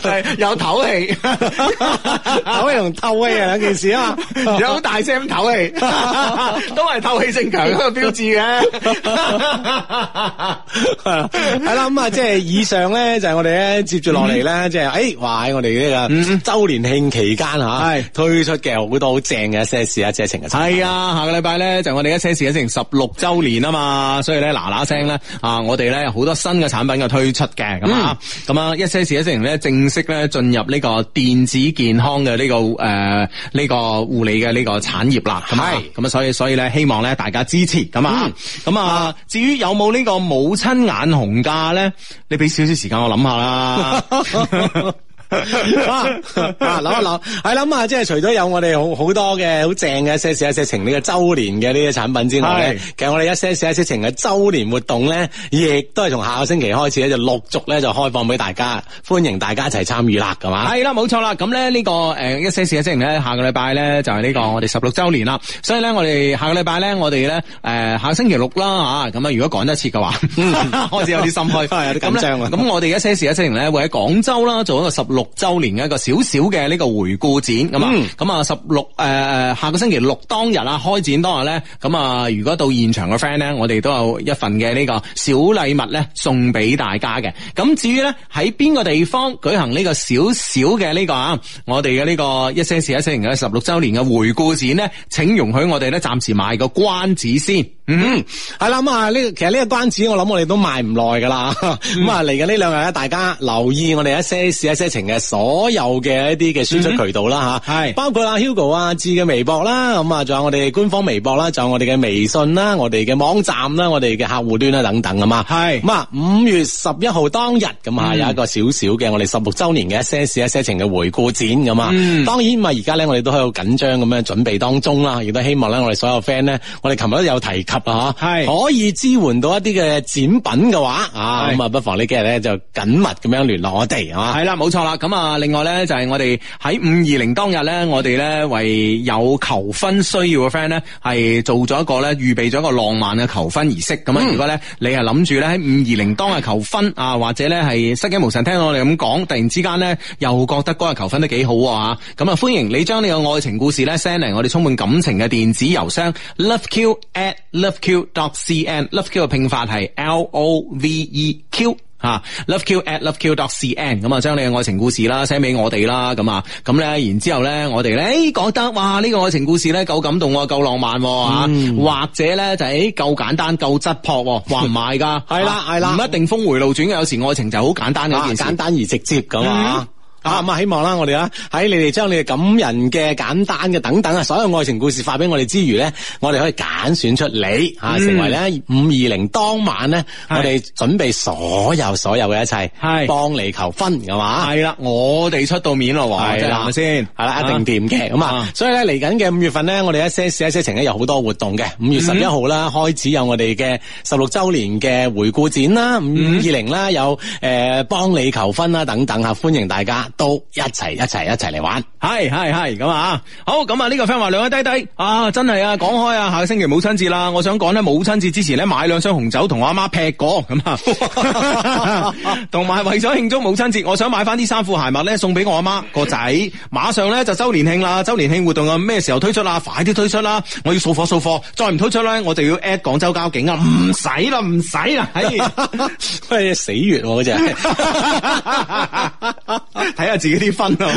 係有唞氣，唞氣同透氣係兩件事啊！有，透氣其有好大聲唞氣，都係唞氣性強嘅標誌嘅。係啦， 咁、嗯、啊，即、就、係、是、以上咧，就係、是、我哋咧接住落嚟咧，即係誒，哇！我哋呢個五周年慶期間吓、啊，係是推出嘅好多好正嘅車市啊，車程嘅，係啊，下個禮拜咧就我哋嘅車市啊，成十六周年啊嘛，所以咧嗱嗱聲咧啊，我哋咧有好多新嘅產品嘅推出。嘅咁啊，咁啊、嗯，一些事一些情咧正式咧進入呢個電子健康嘅呢、這個誒呢、呃這個護理嘅呢個產業啦，係咁啊，所以所以咧希望咧大家支持，咁啊，咁啊，至於有冇呢個母親眼紅價咧，你俾少少時間我諗下啦。 啊啊諗下諗，係諗 啊！即係除咗有我哋好好多嘅好正嘅一些事一些情呢個周年嘅呢啲產品之外咧，是其實我哋一些事一些情嘅周年活動咧，亦都係從下個星期開始咧，就陸續咧就開放俾大家，歡迎大家一齊參與啦，係嘛，這個？係、呃、啦，冇錯啦。咁咧呢個誒一些事一些情咧下個禮拜咧就係、是、呢、這個我哋十六周年啦，所以咧我哋下個禮拜咧我哋咧誒下星期六啦吓，咁啊如果趕得切嘅話， 開始有啲心虛、 哎，有啲緊張，咁我哋一些事一些情咧會喺廣州啦做一個十六。六周年嘅一個少少嘅呢個回顧展咁啊，咁啊十六誒下個星期六當日啊開展當日咧，咁啊如果到現場嘅 friend 咧，我哋都有一份嘅呢個小禮物咧送俾大家嘅。咁至於咧喺邊個地方舉行呢個少少嘅呢個啊，我哋嘅呢個一些事一些情嘅十六周年嘅回顧展咧，請容許我哋咧暫時賣個關子先。嗯，係啦，咁啊呢，其實呢個關子我諗我哋都賣唔耐噶啦，咁啊嚟緊呢兩日咧，大家留意我哋一些事一些情嘅所有嘅一啲嘅輸出渠道啦吓，係、嗯、包括阿 Hugo 啊志嘅微博啦，咁啊仲有我哋官方微博啦，仲有我哋嘅微信啦，我哋嘅網站啦，我哋嘅客戶端啦等等啊嘛，係。咁啊五月十一號當日咁啊、嗯、有一個少少嘅我哋十六周年嘅一些事一些情嘅回顧展咁啊，嗯、當然啊而家咧我哋都喺度緊張咁樣準備當中啦，亦都希望咧我哋所有 friend 咧，我哋琴日都有提及。啊係是可以支援到一啲嘅展品嘅話，啊咁啊，不妨呢幾日咧就緊密咁樣聯絡我哋啊。係啦，冇錯啦。咁啊，另外咧就係我哋喺五二零當日咧，我哋咧為有求婚需要嘅 friend 咧係做咗一個咧預備咗一個浪漫嘅求婚儀式。咁啊、嗯，如果咧你係諗住咧喺五二零當日求婚啊，嗯、或者咧係失驚無神，聽我哋咁講，突然之間咧又覺得嗰日求婚都幾好啊。咁啊，歡迎你將你嘅愛情故事咧 send 嚟我哋充滿感情嘅電子郵箱 love q at。Love Q, Love Q dot C N，Love Q 嘅拼法係 L O V E Q l o v e Q at Love Q dot C N，咁啊將你嘅愛情故事啦寫俾我哋啦，咁啊咁咧，然之後咧我哋咧誒覺得哇呢、這個愛情故事咧夠感動，夠浪漫吓，嗯、或者咧就誒夠簡單，夠質朴，話唔埋噶，係啦係啦，唔一定峰回路轉嘅，有時愛情就好簡單嘅一件事、啊、簡單而直接噶嘛。嗯咁啊，希望啦，我哋啊喺你哋將你哋感人嘅、簡單嘅等等啊，所有愛情故事發俾我哋之餘咧，我哋可以揀選出你吓，成為咧五二零當晚咧，我哋準備所有所有嘅一切，係幫你求婚嘅嘛係啦，我哋出到面咯，係啦，係咪先？係啦，一定掂嘅咁啊。所以咧，嚟緊嘅五月份咧，我哋喺一些事一些情咧有好多活動嘅。五月十一號啦，開始有我哋嘅十六周年嘅回顧展啦，五二零啦，有誒幫你求婚啦，等等吓，歡迎大家。都一齊一齊一齊嚟玩，係係係咁啊！好咁啊，呢個 friend 話兩位低低啊，真係啊！講開啊，下個星期母親節啦，我想講咧，母親節之前咧買兩箱紅酒同我阿媽劈過，咁啊，同埋 為咗慶祝母親節，我想買翻啲衫褲鞋襪咧送俾我阿媽個仔。 馬上咧就周年慶啦，周年慶活動啊，咩時候推出啦？快啲推出啦！我要掃貨掃貨，再唔推出咧，我就要 at 廣州交警啊！唔使啦，唔使啦，乜、哎、 死穴嗰隻？ 睇下自己啲分咯，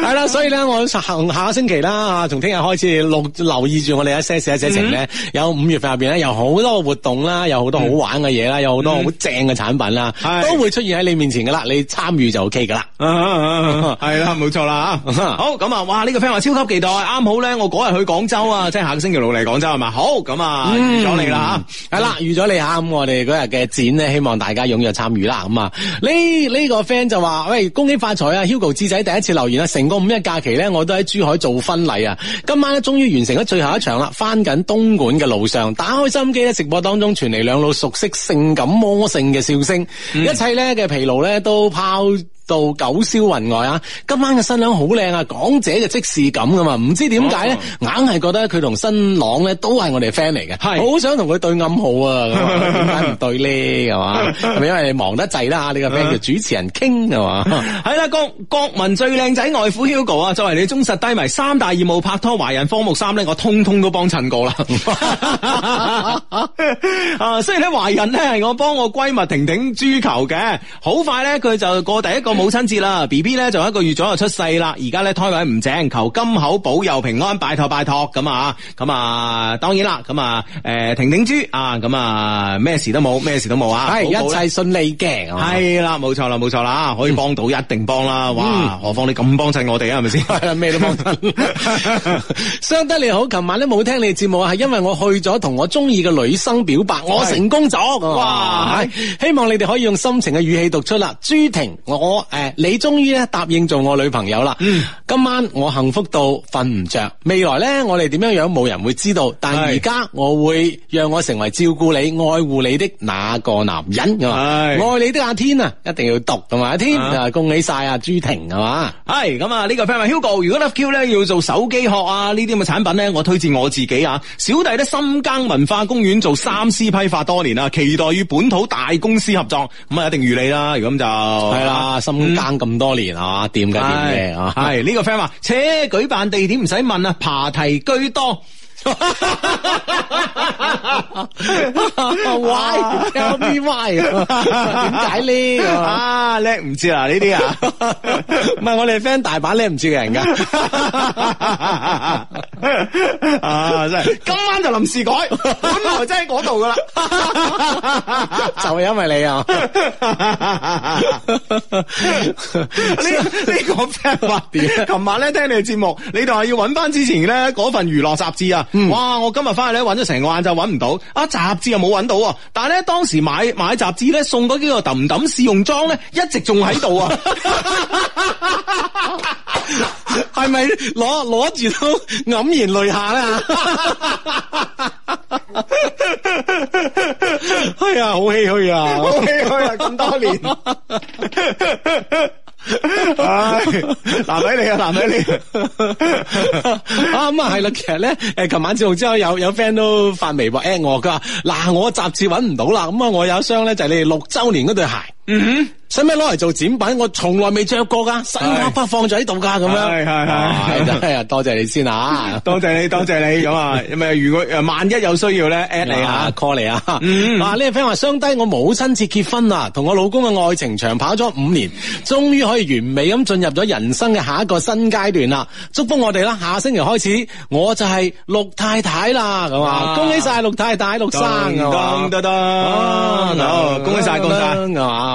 係啦，所以咧，我行下個星期啦，從聽日開始，錄留意住我哋一些事一些情咧，嗯嗯有五月份入邊咧，有好多活動啦，有好多好玩嘅嘢啦，有好多好正嘅產品啦，嗯、都會出現喺你面前噶、啊啊啊啊啊、啦，你參與就 OK 噶啦，係啦，冇錯啦，好咁啊，哇，呢、這個 friend 話超級期待，啱好咧，我嗰日去廣州啊，即、就、係、是、下個星期六嚟廣州係嘛？好咁啊，預咗你啦吓，係啦、嗯啊，預咗你吓，咁、嗯、我哋嗰日嘅展咧，希望大家踴躍參與啦，咁啊，呢呢、這個。friend 就話喂，恭喜發財啊，Hugo 智仔第一次留言啊。成個五一假期咧，我都喺珠海做婚禮啊。今晚咧終於完成咗最後一場啦，翻緊東莞嘅路上，打開收音機咧，直播當中傳嚟兩路熟悉性感魔性嘅笑聲，嗯、一切咧嘅疲勞咧都拋到九霄雲外啊！今晚嘅新娘好靚啊，港姐嘅即視感噶、啊、嘛？唔知點解咧，硬係、啊、覺得佢同新郎咧都係我哋 friend 嚟嘅，係好是想同佢對暗號啊！點解唔對咧、啊？係嘛？係咪因為你忙得滯啦？ 你個 friend 叫 主持人傾係嘛？係 啦，國國民最靚仔外父 Hugo 啊，作為你忠實低迷三大業務拍拖懷孕科目三咧，我通通都幫襯過啦。 啊，所以咧懷孕咧，我幫我閨蜜婷婷追求嘅，好快咧佢就過第一個。母親節啦，B B 咧就一個月左右出世啦，而家咧胎位唔正，求金口保佑平安，拜託拜託咁啊，咁啊當然啦，咁啊誒婷婷豬啊，咁、呃、啊咩、啊、事都冇，咩事都冇是啊，係一切順利嘅，係啦，冇錯啦，冇錯啦，可以幫到、嗯、一定幫啦，哇，何況你咁幫襯我哋啊，係咪先？係啊、嗯，咩都幫襯。相得你好，琴晚都冇聽你節目，係因為我去咗同我中意嘅女生表白，的我成功咗，啊、哇！希望你哋可以用心情嘅語氣讀出啦，朱婷，我。誒，你終於咧答應做我女朋友啦！嗯，今晚我幸福到瞓唔着。未來咧，我哋點樣樣冇人會知道，但而家我會讓我成為照顧你、愛護你的那個男人。係，愛你的阿天啊，一定要讀同埋阿天，恭喜晒阿朱婷係嘛、啊。係吧，咁啊呢個 friend Hugo，如果 love Q 咧要做手機殼啊呢啲咁嘅產品咧，我推薦我自己啊，小弟喺深耕文化公園做三 C 批發多年啦、啊，期待與本土大公司合作，咁啊一定如你啦。如咁就係、啊、啦。爭咁多年啊，掂嘅掂嘅啊，係呢、 這個 friend 話，車舉辦地點唔使問啊，琶醍居多。Why？Tell me why？點解咧？啊叻唔切啊呢啲啊，唔係、啊、 我哋 friend 大把叻唔切嘅人噶。 啊真係，今晚就臨時改，本來真係嗰度噶啦， 就因為你啊。呢 呢、 呢個 friend 琴晚咧聽你哋節目，你仲話要揾翻之前咧嗰份娛樂雜誌啊？嗯、哇！我今日翻去咧，揾咗成個晏晝揾唔到，啊雜誌又冇揾到、啊，但係咧當時買買雜誌咧送嗰幾個抌抌試用裝咧，一直仲喺度啊，係咪攞攞住都黯然淚下啊。係啊，好唏噓啊，好唏噓啊，咁多年。 男仔嚟啊，男仔嚟啊，咁 啊係啦，其實咧，誒，琴晚節目之後有有 friend 都發微博 at 我，佢話嗱，我雜誌揾唔到啦，咁啊，我有一雙咧就係、是、你哋六周年嗰對鞋。嗯哼，使咩攞嚟做展品？我從來未着過噶，新襪放咗喺度噶咁樣。係係係，係啊，多謝、謝你先吓，啊、多謝你，多謝你咁啊。咁啊，如果誒萬一有需要咧，at 你啊 call 你啊。哇、嗯！呢位 friend 話相低，我母親節結婚啊，同我老公嘅愛情長跑咗五年，終於可以完美咁進入咗人生嘅下一個新階段啦。祝福我哋啦，下星期開始我就係陸太太啦。咁啊，啊恭喜晒陸太太、陸生。當當好，啊啊啊啊、恭喜晒，恭喜晒，啊嘛。啊啊啊啊啊我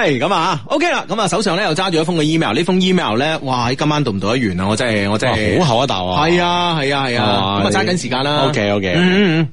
係咁啊，OK 啦。咁啊，手上咧又揸住一封嘅 email，呢封 email 咧，哇！喺今晚讀唔讀得完啊？我真係，我真係好厚一沓啊。係啊，係啊，係啊。咁啊，揸緊時間啦。OK，OK。嗯嗯。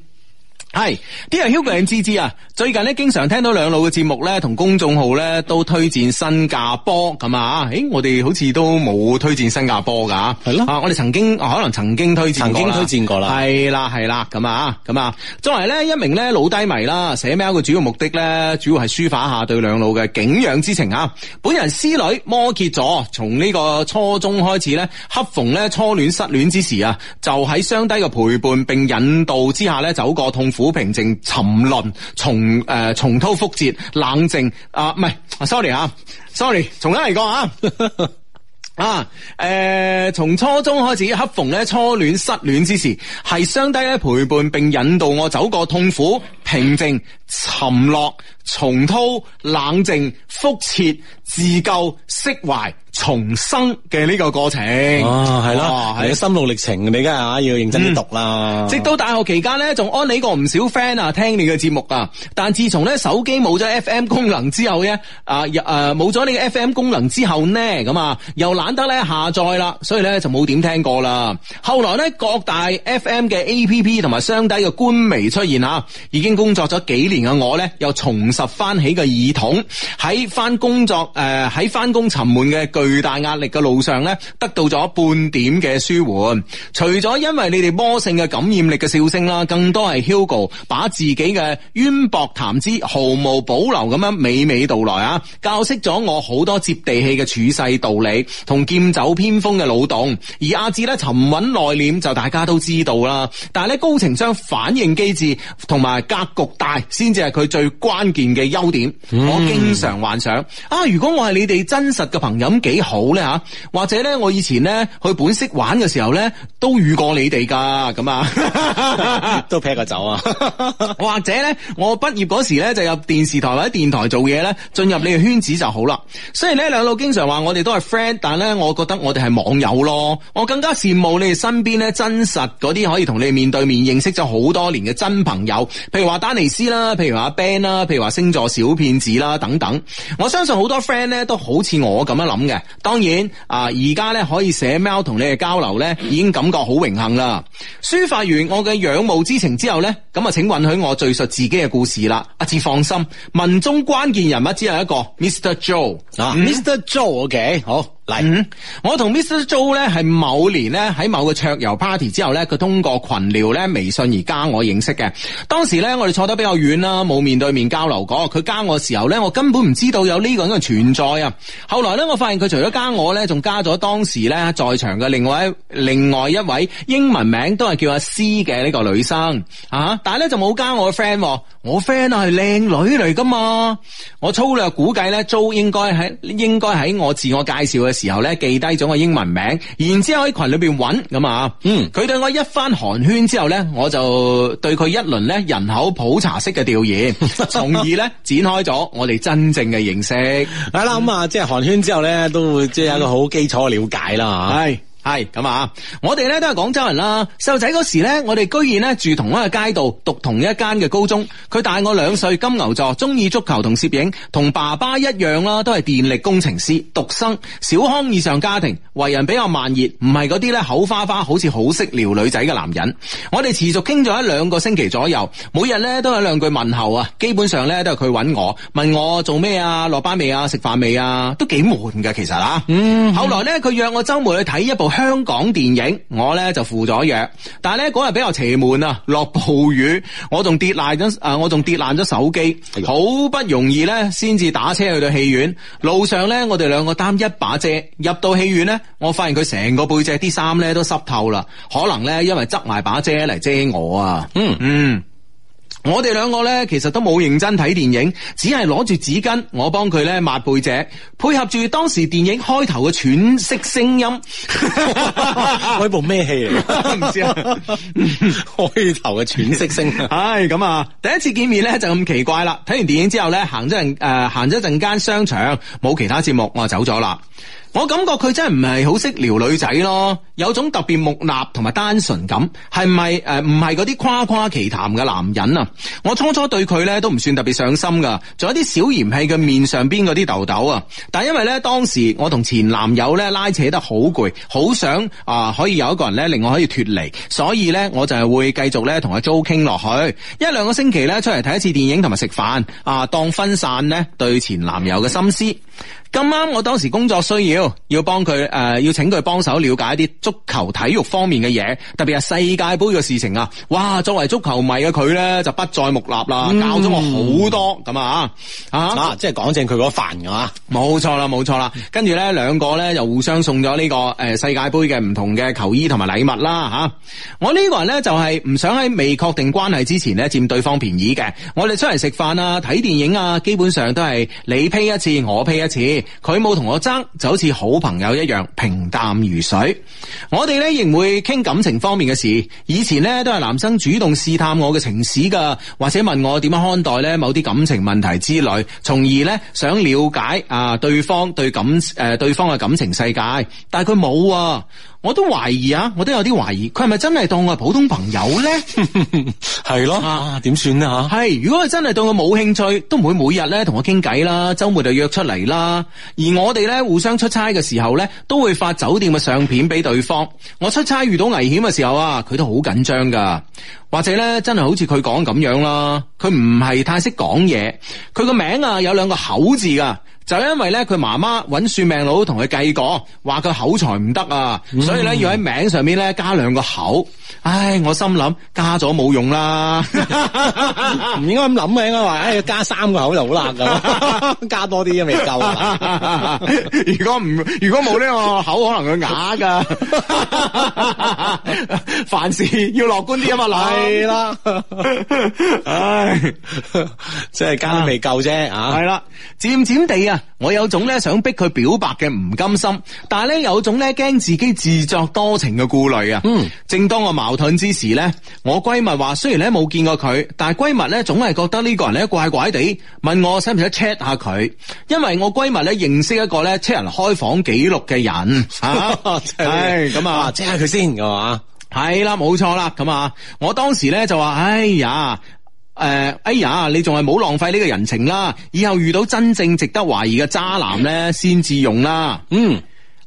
係，啲人囂人吱吱啊！Igi，最近咧，經常聽到兩老嘅節目咧，同公眾號咧都推薦新加坡咁啊！誒，我哋好似都冇推薦新加坡噶，係咯的？啊，我哋曾經可能曾經推薦，曾經推薦過啦，係啦係啦咁啊咁啊！作為咧一名咧老低迷啦，寫 mail 嘅主要目的咧，主要係抒發下對兩老嘅景仰之情啊！本人師女摩羯座，從呢個初中開始咧，恰逢咧初戀失戀之時啊，就喺雙低嘅陪伴並引導之下咧，走過痛苦。股平靜沉淪，重誒、呃、重蹈覆轍，冷靜、呃、啊，唔係，sorry 啊，sorry，重新嚟過啊， 啊，誒、呃，從初中開始，恰逢咧初戀失戀之時，係相低咧陪伴並引導我走過痛苦、平靜、沉落、重蹈、冷靜、覆轍、自救、釋懷。重生嘅呢個過程啊，係咯，係啊心路歷程，你梗係啊要認真啲讀啦，嗯。直到大學期間咧，仲安利過唔少 friend 啊，聽你嘅節目啊。但自從咧手機冇咗 FM 功能之後咧，啊，誒、啊，冇咗呢個 FM 功能之後咧，咁啊，又懶得咧下載啦，所以咧就冇點聽過啦。後來咧各大 FM 嘅 APP 同埋商底嘅官微出現吓，已經工作咗幾年嘅我咧，又重拾翻起個耳筒，喺翻工作誒，喺翻工沉悶嘅巨。巨大壓力嘅路上咧，得到咗半點嘅舒緩。除咗因為你哋魔性嘅感染力嘅笑聲啦，更多係 Hugo 把自己嘅淵博談資毫無保留咁樣娓娓道來啊，教識咗我好多接地氣嘅處世道理同劍走偏鋒嘅腦洞。而阿志呢沉穩內斂，就大家都知道啦。但係咧高情商、反應機智同埋格局大，先至係佢最關鍵嘅優點。嗯，我經常幻想啊，如果我係你哋真實嘅朋友，幾好咧吓，或者咧我以前咧去本色玩嘅時候咧，都遇過你哋噶，咁 啊，都劈個酒啊，或者咧我畢業嗰時咧就入電視台或者電台做嘢咧，進入你嘅圈子就好啦。雖然咧兩老經常話我哋都係 friend，但咧我覺得我哋係網友咯。我更加羨慕你哋身邊咧真實嗰啲可以同你哋面對面認識咗好多年嘅真朋友，譬如話丹尼斯啦，譬如話 Ben 啦，譬如話星座小騙子啦等等。我相信好多 friend 咧都好似我咁樣諗嘅。當然啊，而家咧可以寫 mail 同你嘅交流咧，已經感覺好榮幸啦。抒發完我嘅仰慕之情之後咧，咁啊，請允許我敘述自己嘅故事啦。阿志放心，文中關鍵人物只有一個 Mr. Joe 啊、ah,，Mr. Joe 嘅、okay? 好。嚟來、嗯，我同 Mr. Jo 咧，係某年咧喺某個桌遊 party 之後咧，佢通過群聊咧微信而加我認識嘅。當時咧我哋坐得比較遠啦，冇面對面交流過。佢加我嘅時候咧，我根本唔知道有呢個人嘅存在啊。後來咧我發現佢除咗加我咧，仲加咗當時咧在場嘅另外一另外一位英文名都係叫阿詩嘅呢個女生啊，但係咧就冇加我嘅 friend。我 friend 係靚女嚟噶嘛。我粗略估計咧 Jo 應該喺應該喺我自我介紹嘅。時候咧記低咗個英文名，然之後喺群裏邊揾咁啊，嗯，佢對我一番寒暄之後咧，我就對佢一輪咧人口普查式嘅調研，從 而咧展開咗我哋真正嘅認識。係啦，咁啊，即係寒暄之後咧，都會即係有一個好基礎嘅了解啦，嗯係咁啊！我哋咧都係廣州人啦。細路仔嗰時呢，我哋居然呢住同一個街道，讀同一間嘅高中。佢大我兩歲，金牛座，中意足球同攝影，同爸爸一樣啦，都係電力工程師，獨生，小康以上家庭，為人比較慢熱，唔係嗰啲呢口花花，好似好識撩女仔嘅男人。我哋持續傾咗一兩個星期左右，每日呢都有兩句問候啊。基本上呢都係佢揾我，問我做咩啊，落班未啊，食飯未啊，都幾悶噶其實啊。嗯。嗯，後來呢佢約我周末去睇一部。香港電影，我咧就赴咗約，但係咧嗰日比較邪門啊，落暴雨，我仲跌爛咗誒，我仲跌爛咗手機，好不容易咧先至打車去到戲院，路上咧我哋兩個擔一把遮，入到戲院咧，我發現佢成個背脊啲衫咧都濕透啦，可能咧因為執埋把遮嚟遮我啊，嗯嗯。嗯我哋兩個咧，其實都冇認真睇電影，只係攞住紙巾，我幫佢咧抹背脊，配合住當時電影開頭嘅喘息聲音。開部咩戲嚟？唔知啊，開頭嘅喘息聲音。唉、 哎，咁啊，第一次見面咧就咁奇怪啦。睇完電影之後咧，行咗陣誒，行咗陣間商場，冇其他節目，我就走咗啦。我感覺佢真係唔係好識撩女仔咯，有種特別木訥同埋單純感，係咪誒唔係嗰啲誇誇其談嘅男人啊？我初初對佢呢都唔算特別上心噶，仲有啲小嫌棄嘅面上邊嗰啲痘痘啊。但因為呢，當時我同前男友呢拉扯得好攰，好想啊可以有一個人呢令我可以脫離，所以呢，我就係會繼續呢同阿 Jo 傾落去，一兩個星期呢，出嚟睇一次電影同埋食飯啊，當分散呢對前男友嘅心思。今晚我當時工作需要，要幫佢誒、呃，要請佢幫手了解一啲足球體育方面嘅嘢，特別係世界杯嘅事情啊！哇，作為足球迷嘅佢呢，就不再木訥啦，教咗、嗯、我好多咁啊！啊，即係講正佢嗰飯啊，冇、啊、錯啦，冇錯啦。跟住呢兩個呢，又互相送咗呢、這個誒、呃、世界杯嘅唔同嘅球衣同埋禮物啦吓、啊。我呢個人呢，就係、是、唔想喺未確定關係之前呢佔對方便宜嘅，我哋出嚟食飯啊、睇電影啊，基本上都係你 pay 一次，我 pay 一次。佢冇同我爭，就好似好朋友一樣，平淡如水。我哋呢，仍會傾感情方面嘅事。以前呢，都係男生主動試探我嘅情史㗎，或者問我點樣看待呢某啲感情問題之類，從而呢，想了解啊對方對感誒對方嘅感情世界。但係佢冇啊。我都懷疑啊，我都有啲懷疑，佢係咪真係當我係普通朋友呢？係咯 的，啊，點算咧吓？係如果佢真係對我冇興趣，都唔會每日咧同我傾偈啦，周末就約出嚟啦。而我哋咧互相出差嘅時候咧，都會發酒店嘅相片俾對方。我出差遇到危險嘅時候啊，佢都好緊張噶。或者咧，真係好似佢講咁樣啦，佢唔係太識講嘢。佢個名啊，有兩個口字噶。就因為咧，佢媽媽揾算命佬同佢計過，話佢口才唔得啊，所以咧要喺名上面咧加兩個口。唉，我心諗加咗冇用啦，唔 應該咁諗嘅，應該話唉、哎、加三個口就好難噶，加多啲都未夠 如。如果唔如果冇呢個口，可能佢啞噶。 凡事要樂觀啲啊嘛，係 啦，唉、 哎，即係加啲未夠啫 啊。係啦，漸漸地啊。我有種咧想逼佢表白嘅唔甘心，但係咧有種咧驚自己自作多情嘅顧慮啊。嗯，正當我矛盾之時咧，我閨蜜話雖然咧冇見過佢，但係閨蜜咧總係覺得呢個人咧怪怪地，問我使唔使 check 下佢？因為我閨蜜咧認識一個咧 check 人開房記錄嘅人 啊。係咁啊，check 下佢先嘅嘛。係啦，冇錯啦。咁啊，我當時咧就話，哎呀。誒、呃，哎呀，你仲係冇浪費呢個人情啦，以後遇到真正值得懷疑嘅渣男咧，先至用啦，嗯。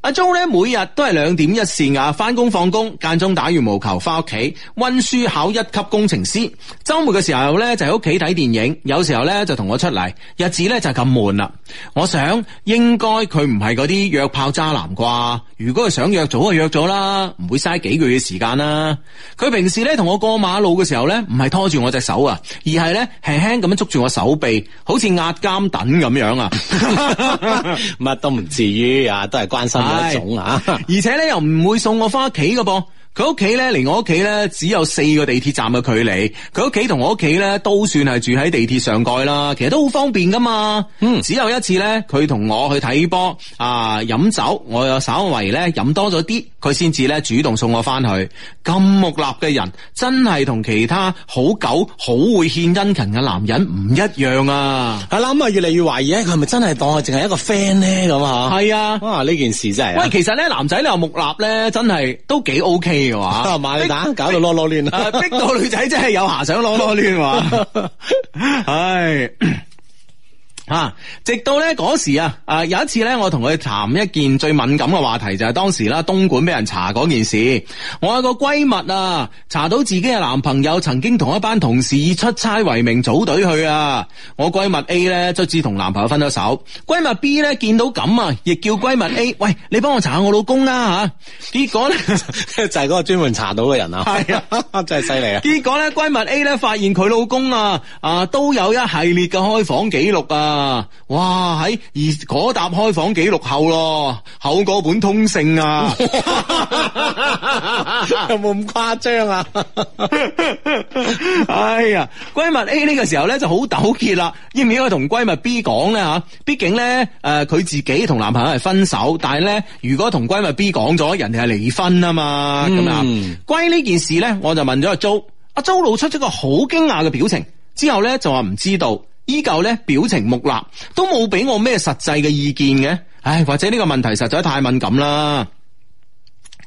阿鍾咧，每日都係兩點一線啊，翻工放工，間中打羽毛球，翻屋企溫書考一級工程師。周末嘅時候咧就喺屋企睇電影，有時候咧就同我出嚟。日子咧就咁悶啦。我想應該佢唔係嗰啲約炮渣男啩。如果佢想約早就約咗啦，唔會嘥幾個月嘅時間啦。佢平時咧同我過馬路嘅時候咧，唔係拖住我隻手啊，而係咧輕輕咁樣捉住我手臂，好似壓監躉咁樣啊。乜 都唔至於啊，都係關心。係啊，而且咧又唔會送我翻屋企噶噃。佢屋企咧離我屋企咧只有四個地鐵站嘅距離，佢屋企同我屋企咧都算係住喺地鐵上蓋啦，其實都好方便㗎嘛。嗯，只有一次咧，佢同我去睇波啊，飲酒，我又稍微咧飲多咗啲，佢先至咧主動送我翻去。咁木訥嘅人真係同其他好狗好會獻殷勤嘅男人唔一樣啊！係啦，咁啊越嚟越懷疑咧佢係咪真係當我淨係一個 friend 咧咁啊，係啊，呢件事真係、啊、喂，其實咧男仔你話木訥咧真係都幾 ok。話，打搞到囉囉攣啊，逼到女仔真係有遐想囉囉攣話，唉。吓，直到咧嗰時啊，有一次咧，我同佢談一件最敏感嘅話題，就係當時啦，東莞俾人查件事。我有個閨蜜啊，查到自己嘅男朋友曾經同一班同事以出差為名組隊去啊。我閨蜜 A 咧，就知同男朋友分咗手。閨蜜 B 咧見到咁啊，亦叫閨蜜 A，喂，你幫我查下我老公啦吓。結果咧， 就係嗰個專門查到嘅人啊，係啊， 真係犀利啊。結果咧，閨蜜 A 咧發現佢老公啊，啊，都有一系列嘅開房記錄啊。啊！哇喺二嗰沓開房記錄後咯，厚過本通勝啊！ 有冇咁誇張啊？ 哎呀，閨蜜 A 呢個時候咧就好糾結啦，應唔應該同閨蜜 B 講咧吓？畢、啊、竟咧誒，佢、呃、自己同男朋友係分手，但係咧如果同閨蜜 B 講咗，人哋係離婚啊嘛咁、嗯、啊。關於呢件事咧，我就問咗阿周，阿周露出咗個好驚訝嘅表情，之後咧就話唔知道。依舊咧表情木立，都冇俾我咩實際嘅意見嘅，唉，或者呢個問題實在太敏感啦。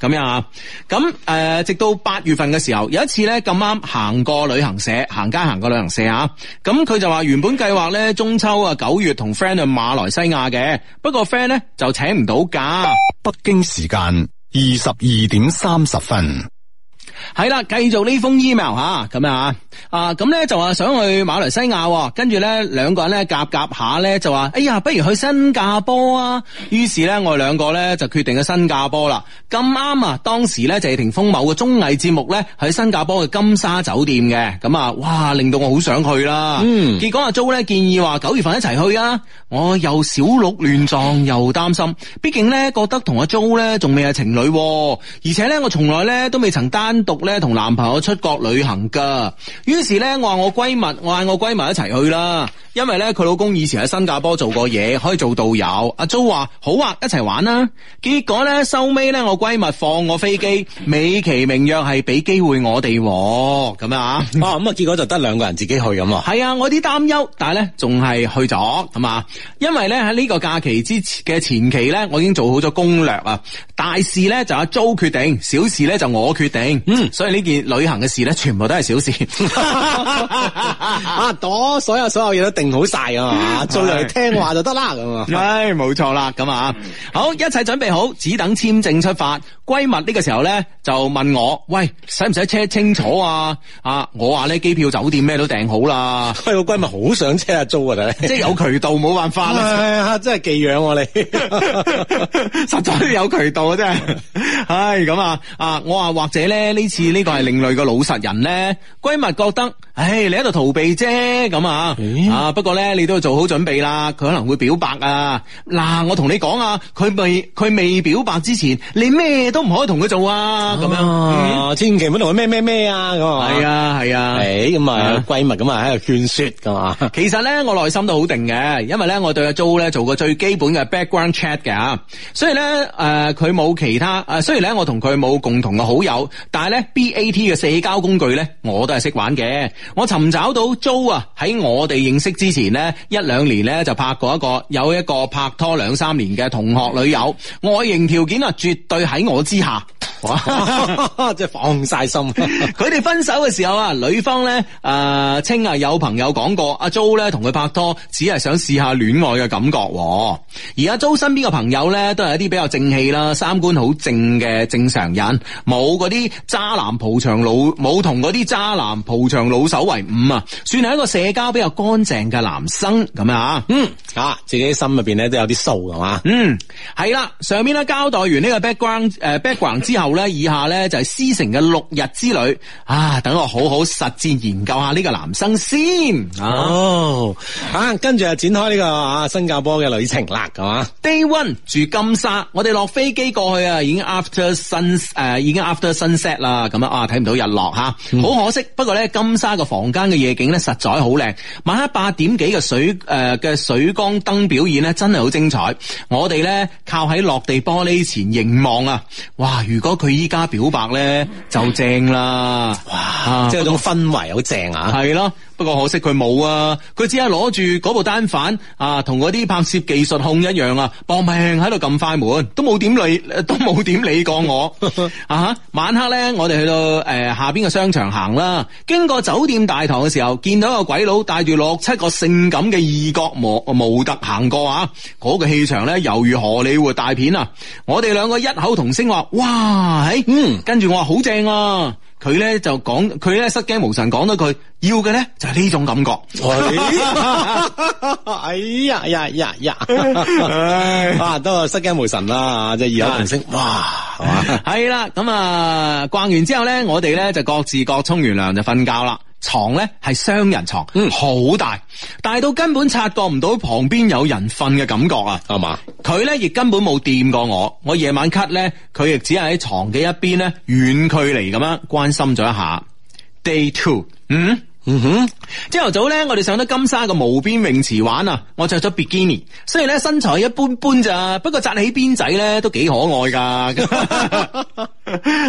咁樣啊，咁誒、呃，直到八月份嘅時候，有一次咧咁啱行過旅行社，行街行過旅行社啊，咁佢就話原本計劃咧中秋啊九月同 friend 去馬來西亞嘅，不過 friend 咧就請唔到假。北京時間二十二點三十分。係啦，繼續呢封 email 吓，咁啊，啊咁咧、啊、就話想去馬來西亞，跟住咧兩個人咧夾夾下咧就話，哎呀，不如去新加坡啊！於是咧我哋兩個咧就決定去新加坡啦。咁啱啊，當時咧就謝霆鋒某嘅綜藝節目咧喺新加坡嘅金沙酒店嘅，咁啊，哇，令到我好想去啦、啊。嗯，結果阿 Jo 咧建議話九月份一齊去啊，我又小鹿亂撞又擔心，畢竟咧覺得同阿 Jo 咧仲未係情侶、啊，而且咧我從來咧都未曾單。讀咧同男朋友出國旅行噶於是咧我話我閨蜜，我嗌我閨蜜一齊去啦。因為咧佢老公以前喺新加坡做過嘢，可以做導遊。阿 Joe 話好啊，一齊玩啦。結果咧收尾咧我閨蜜放我飛機，美其名曰係俾機會我哋我咁樣啊。哦、啊，咁啊結果就得兩個人自己去咁啊。係 啊，我啲擔憂，但係咧仲係去咗係嘛？因為咧喺呢個假期之前嘅前期咧，我已經做好咗攻略啊。大事咧就阿 Joe 決定，小事咧就我決定。嗯所以呢件旅行嘅事咧，全部都係小事。啊，我所有所有嘢都定好晒啊嘛，做人聽話就得啦。唉，冇錯啦，咁啊，好，一切準備好，只等簽證出發。閨蜜呢個時候咧就問我：喂，使唔使查清楚啊？啊，我話呢，機票、酒店咩都訂好啦。所以個閨蜜好想車阿租啊，即係有渠道，冇辦法啦，真係寄養喎你，實在有渠道啊，真係。唉，咁啊，啊，我話或者咧呢。似呢個係另類嘅老實人咧，閨蜜覺得，唉，你喺度逃避啫，咁啊，啊咦，不過咧，你都要做好準備啦，佢可能會表白啊。嗱，我同你講啊，佢未佢未表白之前，你咩都唔可以同佢做啊，咁樣，千祈唔好同佢咩咩咩啊，咁啊，係啊係啊，誒吧，咁啊，閨蜜咁啊喺度勸說噶嘛。其實咧，我內心都好定嘅，因為咧，我對阿 Jo 咧做過最基本嘅 background check 嘅，所以咧，誒、呃，佢冇其他，誒，雖然咧我同佢冇共同嘅好友，但係咧。B A T 嘅社交工具咧，我都係識玩嘅。我尋找到 Jo 啊，喺我哋認識之前咧，一兩年咧就拍過一個有一個拍拖兩三年嘅同學女友，外形條件啊，絕對喺我之下。哇！即係放晒心。佢哋 分手嘅時候啊，女方咧誒，稱、呃、啊有朋友講過，阿周咧同佢拍拖，只係想試下戀愛嘅感覺。而阿周身邊嘅朋友咧，都係一啲比較正氣啦，三觀好正嘅正常人，冇啲渣男蒲場老，冇同啲渣男蒲場老手為伍啊，算係一個社交比較乾淨嘅男生咁樣、嗯、啊。嗯，吓自己心入邊咧都有啲數係嘛。嗯，係啦，上面咧交代完呢個 background 誒 background 之後。咧以下咧就係獅城嘅六日之旅啊！等我好好實踐研究下呢個男生先哦，哦啊、這個。啊，跟住啊展開呢個啊新加坡嘅旅程啦，係嘛？Day one 住金沙，我哋落飛機過去 s, 啊，已經 after sun 誒，已經 after sunset 啦。咁啊，睇、啊、唔到日落吓，好、啊嗯、可惜。不過咧，金沙嘅房間嘅夜景咧實在好靚。晚黑八點幾嘅水誒嘅、呃、水光燈表演呢真係好精彩。我哋咧靠喺落地玻璃前凝望啊！哇，如果佢依家表白咧就正啦，哇！即係種氛圍好正啊，係咯，啊，那個.不過可惜佢冇啊，佢只係攞住嗰部單反啊，同嗰啲拍攝技術控一樣啊，搏命喺度撳快門，都冇點理，都冇點理過我啊！ uh、huh, 晚黑咧，我哋去到誒、呃、下邊嘅商場行啦，經過酒店大堂嘅時候，見到一個鬼佬帶住六七個性感嘅異國模模特行過啊，嗰、那個氣場咧猶如荷里活大片啊！我哋兩個一口同聲話：，哇！欸、嗯，嗯跟住我話好正啊！佢咧就講，佢咧失驚無神講到佢要嘅咧就係、是、呢種感覺。 哎呀呀呀、哎、呀！哎、呀 哇，都失驚無神啦，即係異口同聲。哇，係嘛哇？係 啦，咁啊逛完之後咧，我哋咧就各自各沖完涼就瞓覺啦。床咧係雙人床，嗯，好大，大到根本察覺唔到旁邊有人瞓嘅感覺啊，係嘛？佢咧亦根本冇掂過我，我夜晚咳咧，佢亦只係喺床嘅一邊咧遠距離咁樣關心咗一下。Day two，嗯。嗯哼，朝頭早咧，我哋上咗金沙嘅無邊泳池玩啊！我着咗 bikini，雖然咧身材一般般咋，不過紮起辮仔咧都幾可愛噶。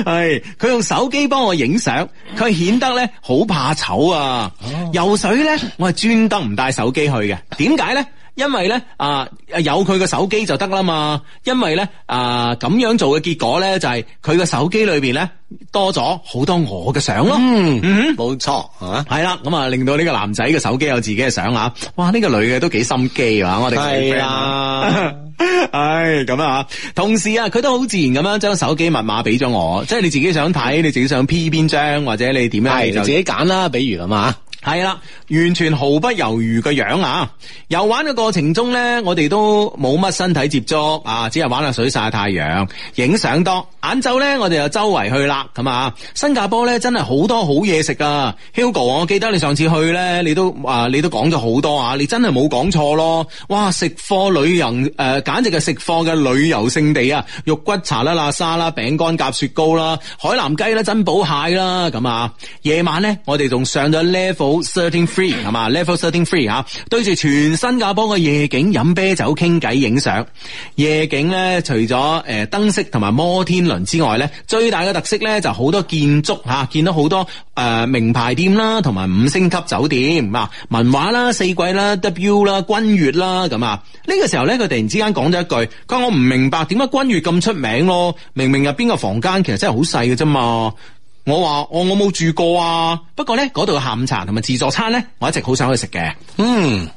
係， 佢用手機幫我影相，佢係顯得咧好怕醜啊。游水咧，我係專登唔帶手機去嘅，點解咧？因為咧啊、呃，有佢個手機就得啦嘛。因為咧啊，呃、咁樣做嘅結果咧就係佢個手機裏邊咧多咗好多我嘅相咯，嗯。嗯，嗯、冇錯，係啦，咁啊令到呢個男仔嘅手機有自己嘅相啊。哇，呢、這個女嘅都幾心機啊！我哋係啊，唉，咁啊，同時啊，佢都好自然咁樣將手機密碼俾咗我，即係你自己想睇，你自己想 P 邊張或者你點樣，是就自己揀啦。比如咁啊。係啦，完全毫不猶豫嘅樣啊！遊玩嘅過程中咧，我哋都冇乜身體接觸啊，只係玩下水曬太陽、影相多。晏晝咧，我哋就周圍去啦，咁啊！新加坡咧真係好多好嘢食啊，Hugo，我記得你上次去咧，你都啊你都講咗好多啊，你真係冇講錯咯！哇，食貨旅遊誒、呃，簡直係食貨嘅旅遊勝地啊！肉骨茶啦、啊、叻沙啦、啊、餅乾夾雪糕啦、啊、海南雞啦、啊、珍寶蟹啦、啊，咁啊！夜晚咧，我哋仲上咗 level。13 3, Level 33係嘛？Level 33吓，對住全新加坡嘅夜景飲啤酒傾偈影相。夜景咧，除咗誒燈飾同埋摩天輪之外咧，最大嘅特色咧，就好、是、多建築吓、啊，見到好多誒、呃、名牌店啦，同埋五星級酒店啊，文華啦、四季啦、W 啦、君悦啦咁啊。呢、這個時候咧，佢突然之間講咗一句：，佢話我唔明白點解君悦咁出名咯？明明入邊個房間其實真係好細嘅啫嘛。我話，哦，我我冇住過啊，不過咧，嗰度嘅下午茶同埋自助餐咧，我一直好想去食嘅。嗯。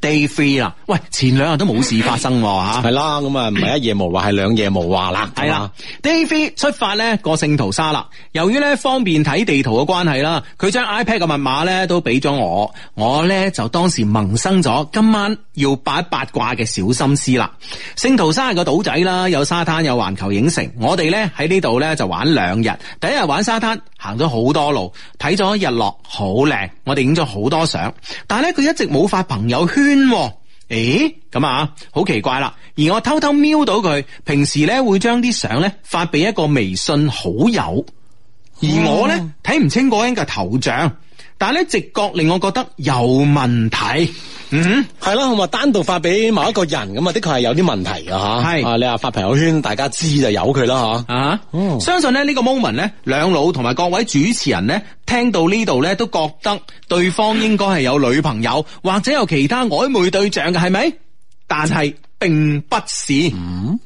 Day three 啦，喂，前兩日都冇事發生吓，係啦，咁啊，唔係 一夜無話，係 兩夜無話啦，係啦，Day three 出發咧過聖淘沙啦，由於咧方便睇地圖嘅關係啦，佢將 iPad 嘅密碼咧都俾咗我，我咧就當時萌生咗今晚要擺八卦嘅小心思啦。聖淘沙係個島仔啦，有沙灘有環球影城，我哋咧喺呢度咧就玩兩日，第一日玩沙灘。行咗好多路，睇咗日落好靚，我哋影咗好多相，但係咧佢一直冇發朋友圈，誒、欸，咁啊，好奇怪啦！而我偷偷瞄到佢，平時咧會將啲相咧發俾一個微信好友，而我咧睇唔清嗰人嘅頭像。但係咧，直覺令我覺得有問題。嗯哼，係啦，咁啊，單獨發俾某一個人咁啊，的確係有啲問題嘅吓。係啊是，你話發朋友圈，大家知就由佢啦吓。啊哦，相信咧呢個 moment 咧，兩老同埋各位主持人咧，聽到呢度咧都覺得對方應該係有女朋友或者有其他曖昧對象嘅，係咪？但係並不是。嗯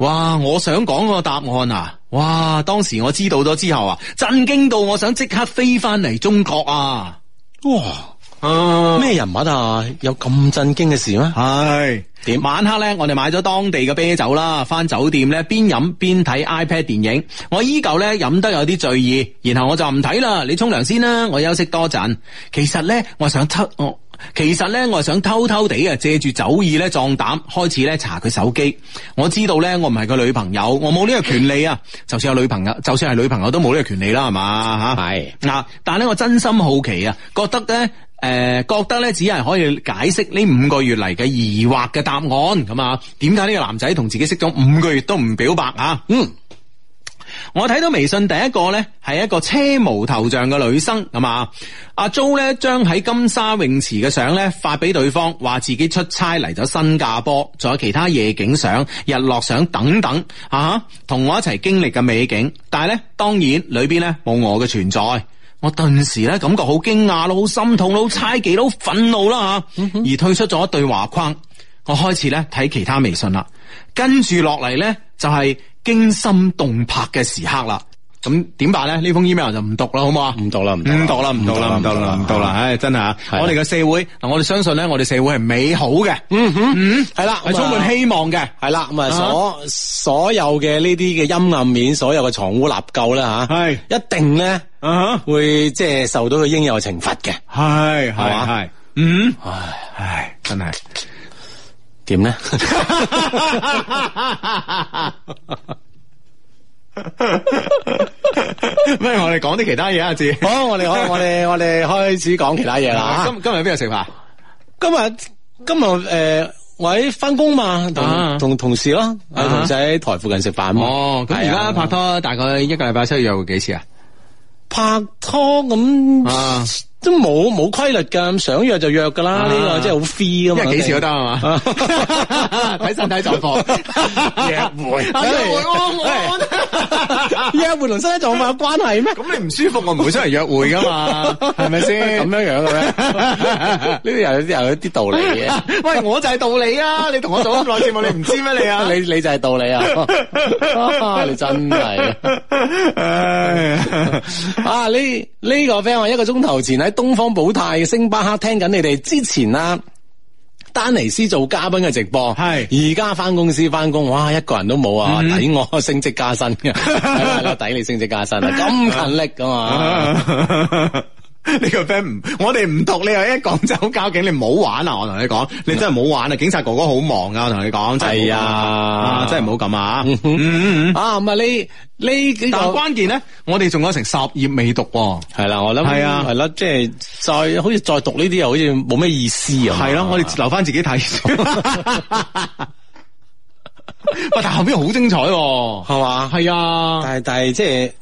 哇！我想講個答案啊！哇！當時我知道咗之後啊，震驚到我想即刻飛翻嚟中國啊！哇！啊，咩人物啊？有咁震驚嘅事咩？係點是？晚黑咧，我哋買咗當地嘅啤酒啦，翻酒店咧，邊飲邊睇 iPad 電影。我依舊咧飲得有啲醉意，然後我就唔睇啦。你沖涼先啦，我休息多陣。其實咧，我想出我。其實咧，我係想偷偷地啊，借住酒意咧壯膽，開始咧查佢手機。我知道咧，我唔係佢女朋友，我冇呢個權利啊。 就算係女朋友，就算係女朋友都冇呢個權利啦，係嘛吓。係嗱是，但係咧，我真心好奇啊，覺得咧，誒、呃，覺得咧，只係可以解釋呢五個月嚟嘅疑惑嘅答案。咁啊，點解呢個男仔同自己識咗五個月都唔表白啊？嗯。我睇到微信第一個咧係一個車模頭像嘅女生，咁啊阿 Jo 咧將喺金沙泳池嘅相咧發俾對方，話自己出差嚟咗新加坡，仲有其他夜景相、日落相等等啊，同我一齊經歷嘅美景。但係咧，當然裏邊咧冇我嘅存在，我頓時咧感覺好驚訝咯，好心痛咯，好猜忌，好憤怒啦吓，而退出咗對話框。我開始咧睇其他微信啦，跟住落嚟咧就係、是。驚心動魄嘅時刻啦，咁點辦咧？呢封 email 就唔讀啦，好唔好啊？唔讀啦，唔讀啦，唔讀啦，唔讀啦，唔讀啦，唉，真係我哋嘅社會嗱，我哋相信咧，我哋社會係美好嘅，嗯哼，嗯，係啦，係充滿希望嘅，係啦，咁啊，所所有嘅呢啲嘅陰暗面，所有嘅藏污納垢咧吓，係一定咧，會即係受到佢應有嘅懲罰嘅，係係嘛，係，嗯，唉唉，真係。點咧？唔 我哋講啲其他嘢啊！字，好，我哋開我哋我哋開始講其他嘢啦。啊、今今日邊度食飯？今日飯今日誒，我喺返工嘛同、啊同，同同事咯，啊、同仔喺台附近食飯嘛。哦，咁而家拍拖，大概一個禮拜七月約會幾次啊？拍拖咁啊。都冇冇規律噶，想約就約噶啦，呢個真係好 free 啊嘛，即係幾時都得係嘛，睇身體狀況。約會，約會我我，約會同身體狀況有關係咩？咁你唔舒服，我唔會出嚟約會噶嘛，係咪先？咁樣樣嘅咩？呢啲又有啲有啲道理嘅。喂，我就係道理啊！你同我做咁耐節目，你唔知咩？你啊，你你就係道理啊！你真係啊！啊，呢呢個 friend 我一個鐘頭前東方寶泰星巴克聽緊你哋之前啊丹尼斯，做嘉賓嘅直播，係而家返公司返工，哇，一個人都冇啊，抵我升職加薪嘅，抵你升職加薪 啊，咁勤力噶嘛。呢個 friend 唔，我哋唔讀，你又一講就交警，你唔好玩啊！我同你講，你真係唔好玩啊！警察哥哥好忙噶、啊，我同你講。係啊，真係唔好咁啊！啊，咁，嗯嗯嗯，啊你你，這個，但關鍵，呢呢幾個關鍵咧，我哋仲有成十頁未讀。啊，係啦，啊，我諗係啊，係咯，啊，即、就、係、是，再好似再讀呢啲，又好似冇咩意思啊！係咯，啊，我哋留翻自己睇。喂 但後邊好精彩，係嘛？係啊，吧啊但係但係即係。就是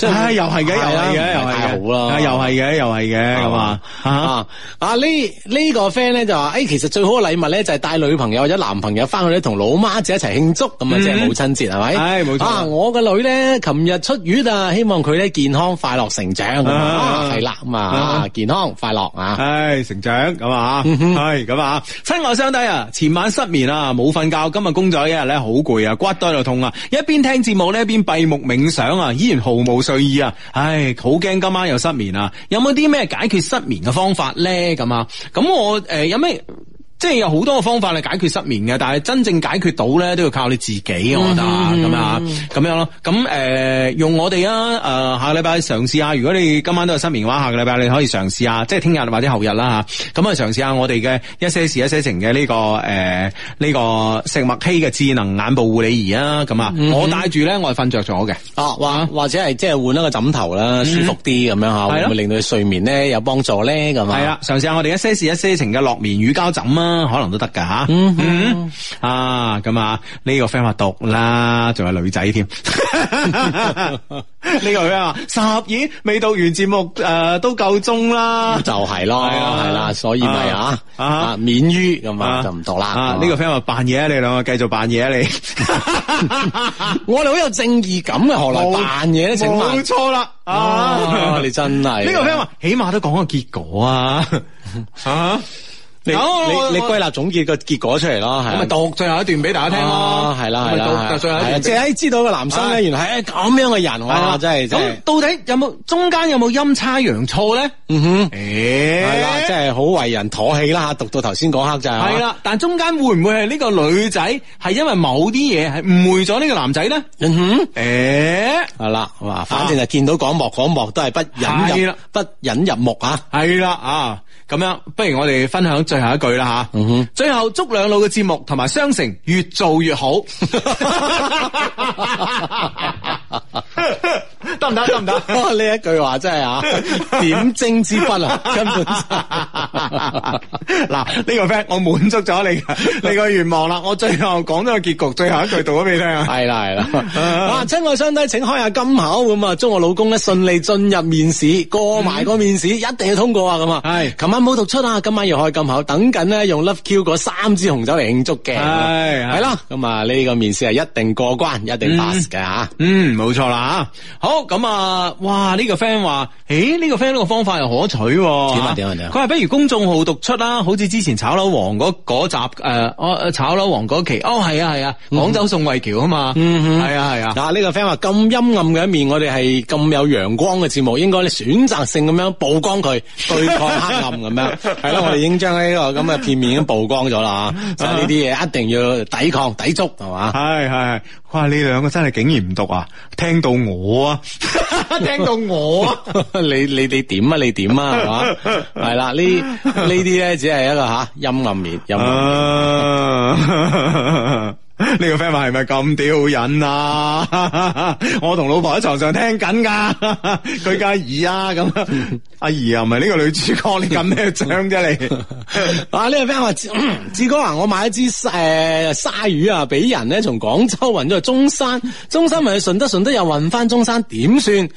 唉，又係嘅，又係嘅，又係嘅，太好啦！啊，又係嘅，又係嘅，係嘛？啊啊！呢呢個 friend 咧就話，誒，其實最好嘅禮物咧就係帶女朋友或者男朋友翻去咧同老媽子一齊慶祝，咁啊，即係母親節係咪？唉，冇錯。啊，我個女咧，琴日出院啊，希望佢咧健康快樂成長，係啦，咁啊，健康快樂啊，唉，成長咁啊，係咁啊！親愛嘅兄弟啊，前晚失眠啊，冇瞓覺，今日工作一日咧好攰啊，骨都喺度痛啊！一邊聽節目咧，一邊閉目冥想啊，依然毫無。睡意啊，唉、哎，好驚今晚又失眠啊！有冇啲咩解決失眠嘅方法咧？咁啊，咁我誒、呃、有咩？即係有好多嘅方法嚟解決失眠嘅，但係真正解決到咧都要靠你自己，我覺得咁啊，咁、嗯、樣咯。咁誒、呃，用我哋啊，誒、呃、下個禮拜嘗試下。如果你今晚都有失眠嘅話，下個禮拜你可以嘗試下，即係聽日或者後日啦吓。咁啊，嘗試下我哋嘅一些事一些情嘅呢個誒呢、呃這個食物 K 嘅智能眼部護理儀啊。咁啊、嗯，我戴住咧，我係瞓着咗嘅。哦，或者係即係換一個枕頭啦，舒服啲咁、嗯、樣吓，會唔會令到你睡眠咧有幫助咧？咁啊了，係啦，嘗試下我哋一些事一些情嘅落眠乳膠枕啊。可能都得噶吓，啊咁啊呢個 friend 話讀啦，仲係女仔添。呢個 friend 啊，十二未讀完節目誒，都夠鐘啦，就係咯，係啦，所以咪啊啊免於咁啊，就唔讀啦。呢個 friend 話扮嘢，啊，你兩個繼續扮嘢啊，你。我哋好有正義感啊，何來扮嘢咧？請冇錯啦，啊你真係呢個 friend 話，起碼都講個結果啊，啊。你你你歸納總結個結果出嚟咯，咁咪讀最後一段俾大家聽咯，係啦係啦，即係知道個男生咧，原來係咁樣嘅人，係啊，真係到底有冇中間有冇陰差陽錯咧？嗯哼，誒，係啦，即係好為人妥氣啦吓，讀到頭先嗰刻就係，係啦，但中間會唔會係呢個女仔係因為某啲嘢係誤會咗呢個男仔咧？嗯哼，誒，係啦，哇，反正就見到嗰一幕嗰幕都係不忍，係啦，不忍入目啊，係啦啊，咁樣，不如我哋分享。最後一句啦吓，嗯哼，最後祝兩老嘅節目同埋雙城越做越好。 得唔得？得唔得？呢一句話真係啊，點睛之筆啊！根本嗱呢個 friend，我滿足咗你你個願望啦。我最後講咗個結局，最後一句讀咗俾你聽啊。係啦，係啦。哇！親愛上帝，請開下金口咁啊，祝我老公咧順利進入面試，過埋個面試一定要通過啊！咁啊，係。琴晚冇讀出啊，今晚要開金口，等緊咧用 love Q 嗰三支紅酒嚟慶祝嘅。係係啦，咁啊呢個面試係一定過關，一定 pass 嘅吓。嗯，冇錯啦，好。咁啊！哇！呢、這個 friend 話，誒，呢、這個 friend 呢個方法又可取。點啊？點啊？點啊？佢話不如公眾號讀出啦，好似之前炒樓王嗰嗰集誒、呃，炒樓王嗰期。哦，係啊，係啊，廣州宋慧喬啊嘛。嗯係哼、嗯、哼啊，係啊。嗱、啊，呢、這個 friend 話咁陰暗嘅一面，我哋係咁有陽光嘅節目，應該你選擇性咁樣曝光佢， 對抗黑暗咁樣。係啦，我哋已經將呢、這個咁嘅片面已經曝光咗啦。 所以呢啲嘢一定要抵抗抵觸係嘛。係係。哇！你兩個真係竟然唔讀啊，聽到我啊， 聽到我啊， 你你你點啊？你點啊？係嘛？係啦，呢呢啲咧只係一個吓陰暗面，陰暗面。Uh 呢個 friend 係咪咁屌人啊？ 我同老婆喺床上聽緊噶，佢家姨啊咁，阿姨又唔係呢個女主角，你咁咩獎啫你？ 啊呢、這個 friend 話志哥話我買一支誒鯊、呃、魚啊，俾人咧從廣州運咗去中山，中山咪順德，順德又運翻中山，點算？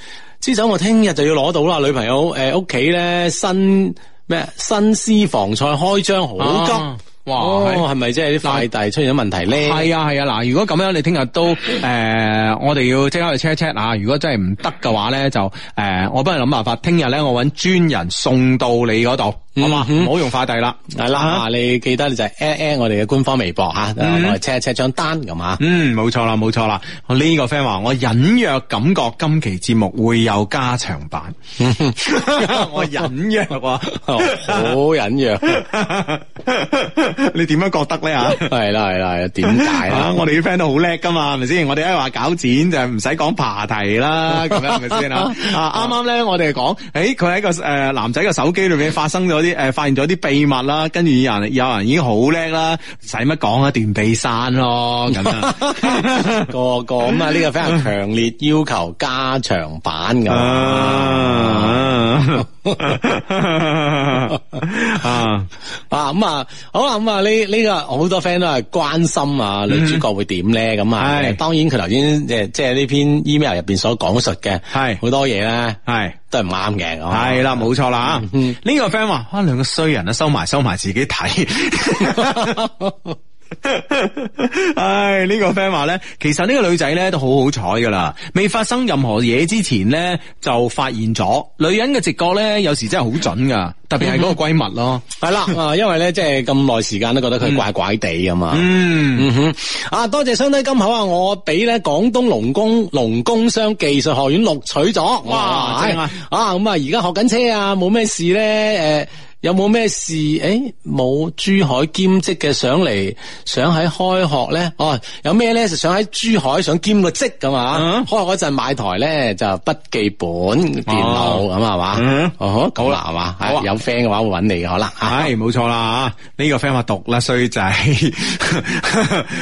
支酒我聽日就要攞到啦，女朋友誒屋企咧新咩新私房菜開張，好急。啊哇，係咪即係啲快遞出現咗問題咧？係啊，係啊，嗱，如果咁樣，你聽日都誒，我哋要即刻去 check 一 check 啊！如果真係唔得嘅話咧，就誒，我幫你諗辦法。聽日咧，我揾專人送到你嗰度，好嘛？唔好用快遞啦，係啦，你記得你就 at 我哋嘅官方微博吓，我哋 check 一 check 張單咁嘛？嗯，冇錯啦，冇錯啦。我呢個 friend 話，我隱約感覺今期節目會有加長版。我隱約啩，好隱約。你點樣覺得咧嚇？係啦係啦，點解啊？我哋啲 friend 都好叻噶嘛，係咪先？我哋一話搞剪就唔使講爬題啦，咁樣係咪先啊？啊啱啱咧， 啱啱我哋講，誒佢喺個男仔嘅手機裏面發生咗啲、呃、發現咗啲秘密啦，跟住人有人已經好叻啦，使乜講啊？斷臂山咯，樣 個個咁啊！呢、呢個非常強烈要求加長版咁。 啊啊咁啊好啦，咁啊呢呢個好多 friend 都係關心啊、嗯、哼女主角會點咧咁啊，是當然佢頭先即係即係呢篇 email 入邊所講述嘅係好多嘢咧，係是都係唔啱嘅，係的啦冇錯啦啊，呢個 friend 話啊兩個衰人啊收埋收埋自己睇。啊呵呵 唉，呢、這個 friend 話咧，其實呢個女仔咧都好好彩噶啦，未發生任何嘢之前咧就發現咗，女人嘅直覺咧有時真係好準噶，特別係嗰個閨蜜咯。係啦，啊，因為咧即係咁耐時間都覺得佢怪怪地啊嘛。 嗯，嗯哼，啊，多謝相低金口啊，我俾咧廣東農工農工商技術學院錄取咗，哇，正係是！啊，咁、嗯、啊，而家學緊車啊，冇咩事咧，誒、呃。有冇咩事？誒，冇珠海兼職嘅，上嚟想喺開學咧？哦，有咩咧、uh huh.？就想喺珠海想兼個職噶嘛？開學嗰陣買台咧就筆記本電腦咁係嘛？好，好啦係嘛？有 friend 嘅話會揾你好啦。係冇錯啦吓，呢、這個 friend 話讀啦衰仔，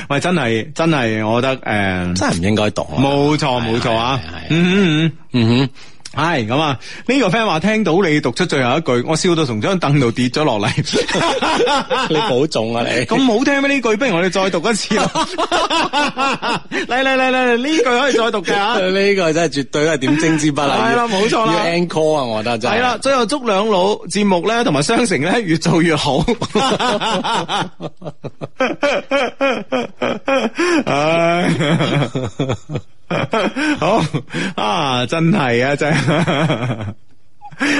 喂 真係真係，我覺得誒、uh, 真係唔應該讀。冇錯冇錯啊！嗯嗯嗯哼。Huh. Uh huh. 係咁啊！呢、這個 friend 話聽到你讀出最後一句，我笑到從張凳度跌咗落嚟。 你保重啊！你咁好聽咩？呢句不如我哋再讀一次啦！嚟嚟嚟嚟！呢句可以再讀嘅吓。呢 個真係絕對係點睛之筆。係 啦，冇錯啦。要 call 啊！我覺得就係啦。最後祝兩老節目咧，同埋雙城咧，越做越好。哎。 好啊，真係啊，真係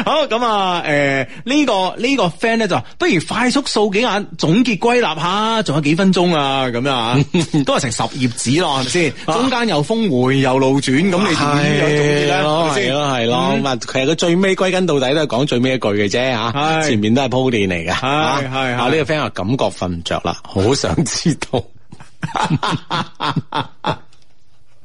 好咁啊！誒，呢個呢個 friend 咧就不如快速掃幾眼，總結歸納下，仲有幾分鐘啊？咁樣啊，都係成十頁紙咯，係咪先？中間又峰回又路轉，咁你點樣總結咧？係咯，係咯，咁啊，其實佢最尾歸根到底都係講最尾一句嘅啫吓，前面都係鋪墊嚟嘅。係啊，呢個 friend 啊，感覺瞓唔着啦，好想知道。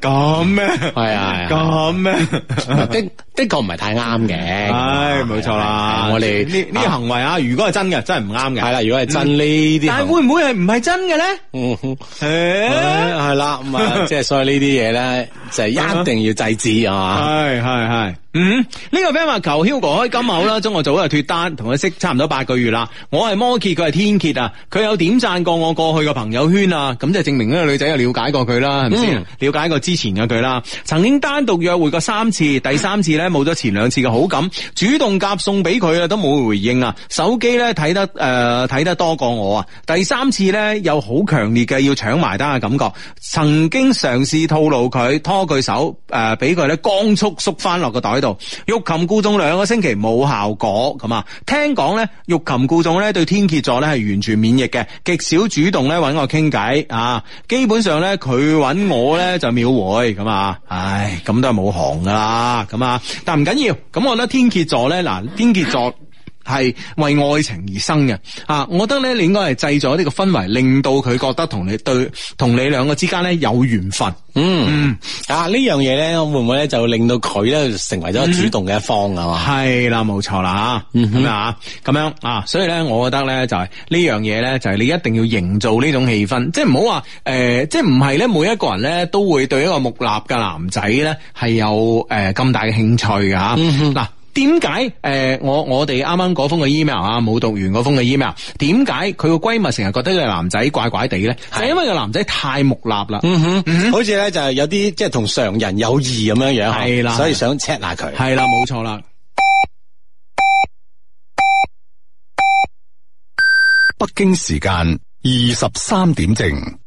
咁咩？係啊，咁咩？的的確唔係太啱嘅，係冇錯啦。我哋呢呢行為啊，如果係真嘅，真係唔啱嘅。係啦，如果係真呢啲，但係會唔會係唔係真嘅咧？嗯，係啦，咁啊，即係所以呢啲嘢咧，就係一定要制止啊嘛。係係係，嗯，呢個 friend 話求 Hugo 開金口啦，祝我早日脱單，同佢識差唔多八個月啦。我係摩羯，佢係天蠍啊，佢有點讚過我過去嘅朋友圈啊，咁就係證明呢個女仔有了解過佢啦，係咪先？了解過之前嘅佢啦，曾經單獨約會過三次，第三次咧冇咗前兩次嘅好感，主動夾送俾佢啊都冇回應啊，手機咧睇得誒睇、呃、得多過我啊，第三次咧有好強烈嘅要搶埋單嘅感覺，曾經嘗試套路佢，拖佢手誒俾佢咧，呃、他光速縮翻落個袋度，欲擒故縱兩個星期冇效果咁啊，聽講咧欲擒故縱咧對天蠍座咧係完全免疫嘅，極少主動咧揾我傾偈啊，基本上咧佢揾我咧。咧就廟會咁啊，唉，咁都係冇行噶啦，咁啊，但唔緊要，咁我覺得天蠍座咧，嗱，天蠍座。係為愛情而生嘅啊！我覺得咧，你應該係製造呢個氛圍，令到佢覺得同你對，同你兩個之間咧有緣分。嗯，嗯，啊、這個、東西呢樣嘢咧，會唔會咧就令到佢咧成為咗主動嘅一方啊？係、嗯、啦，冇錯啦，吓咁啊，咁樣啊，所以咧，我覺得咧就係呢樣嘢咧，就係、是這個就是、你一定要營造呢種氣氛，即係唔好話誒，即係唔係咧，就是、是每一個人咧都會對一個木訥嘅男仔咧係有誒咁、呃、大嘅興趣嘅吓。嗱、啊。嗯哼啊點解誒，我我哋啱啱嗰封嘅 email 啊，冇讀完嗰封嘅 email，點解佢個閨蜜成日覺得呢個男仔怪怪地咧？係啦就係因為個男仔太木訥啦，嗯哼，嗯哼，好似咧就係有啲即係同常人有異咁樣樣，係啦，所以想 check 下佢的，係啦他，冇錯啦。錯，北京時間二十三點正。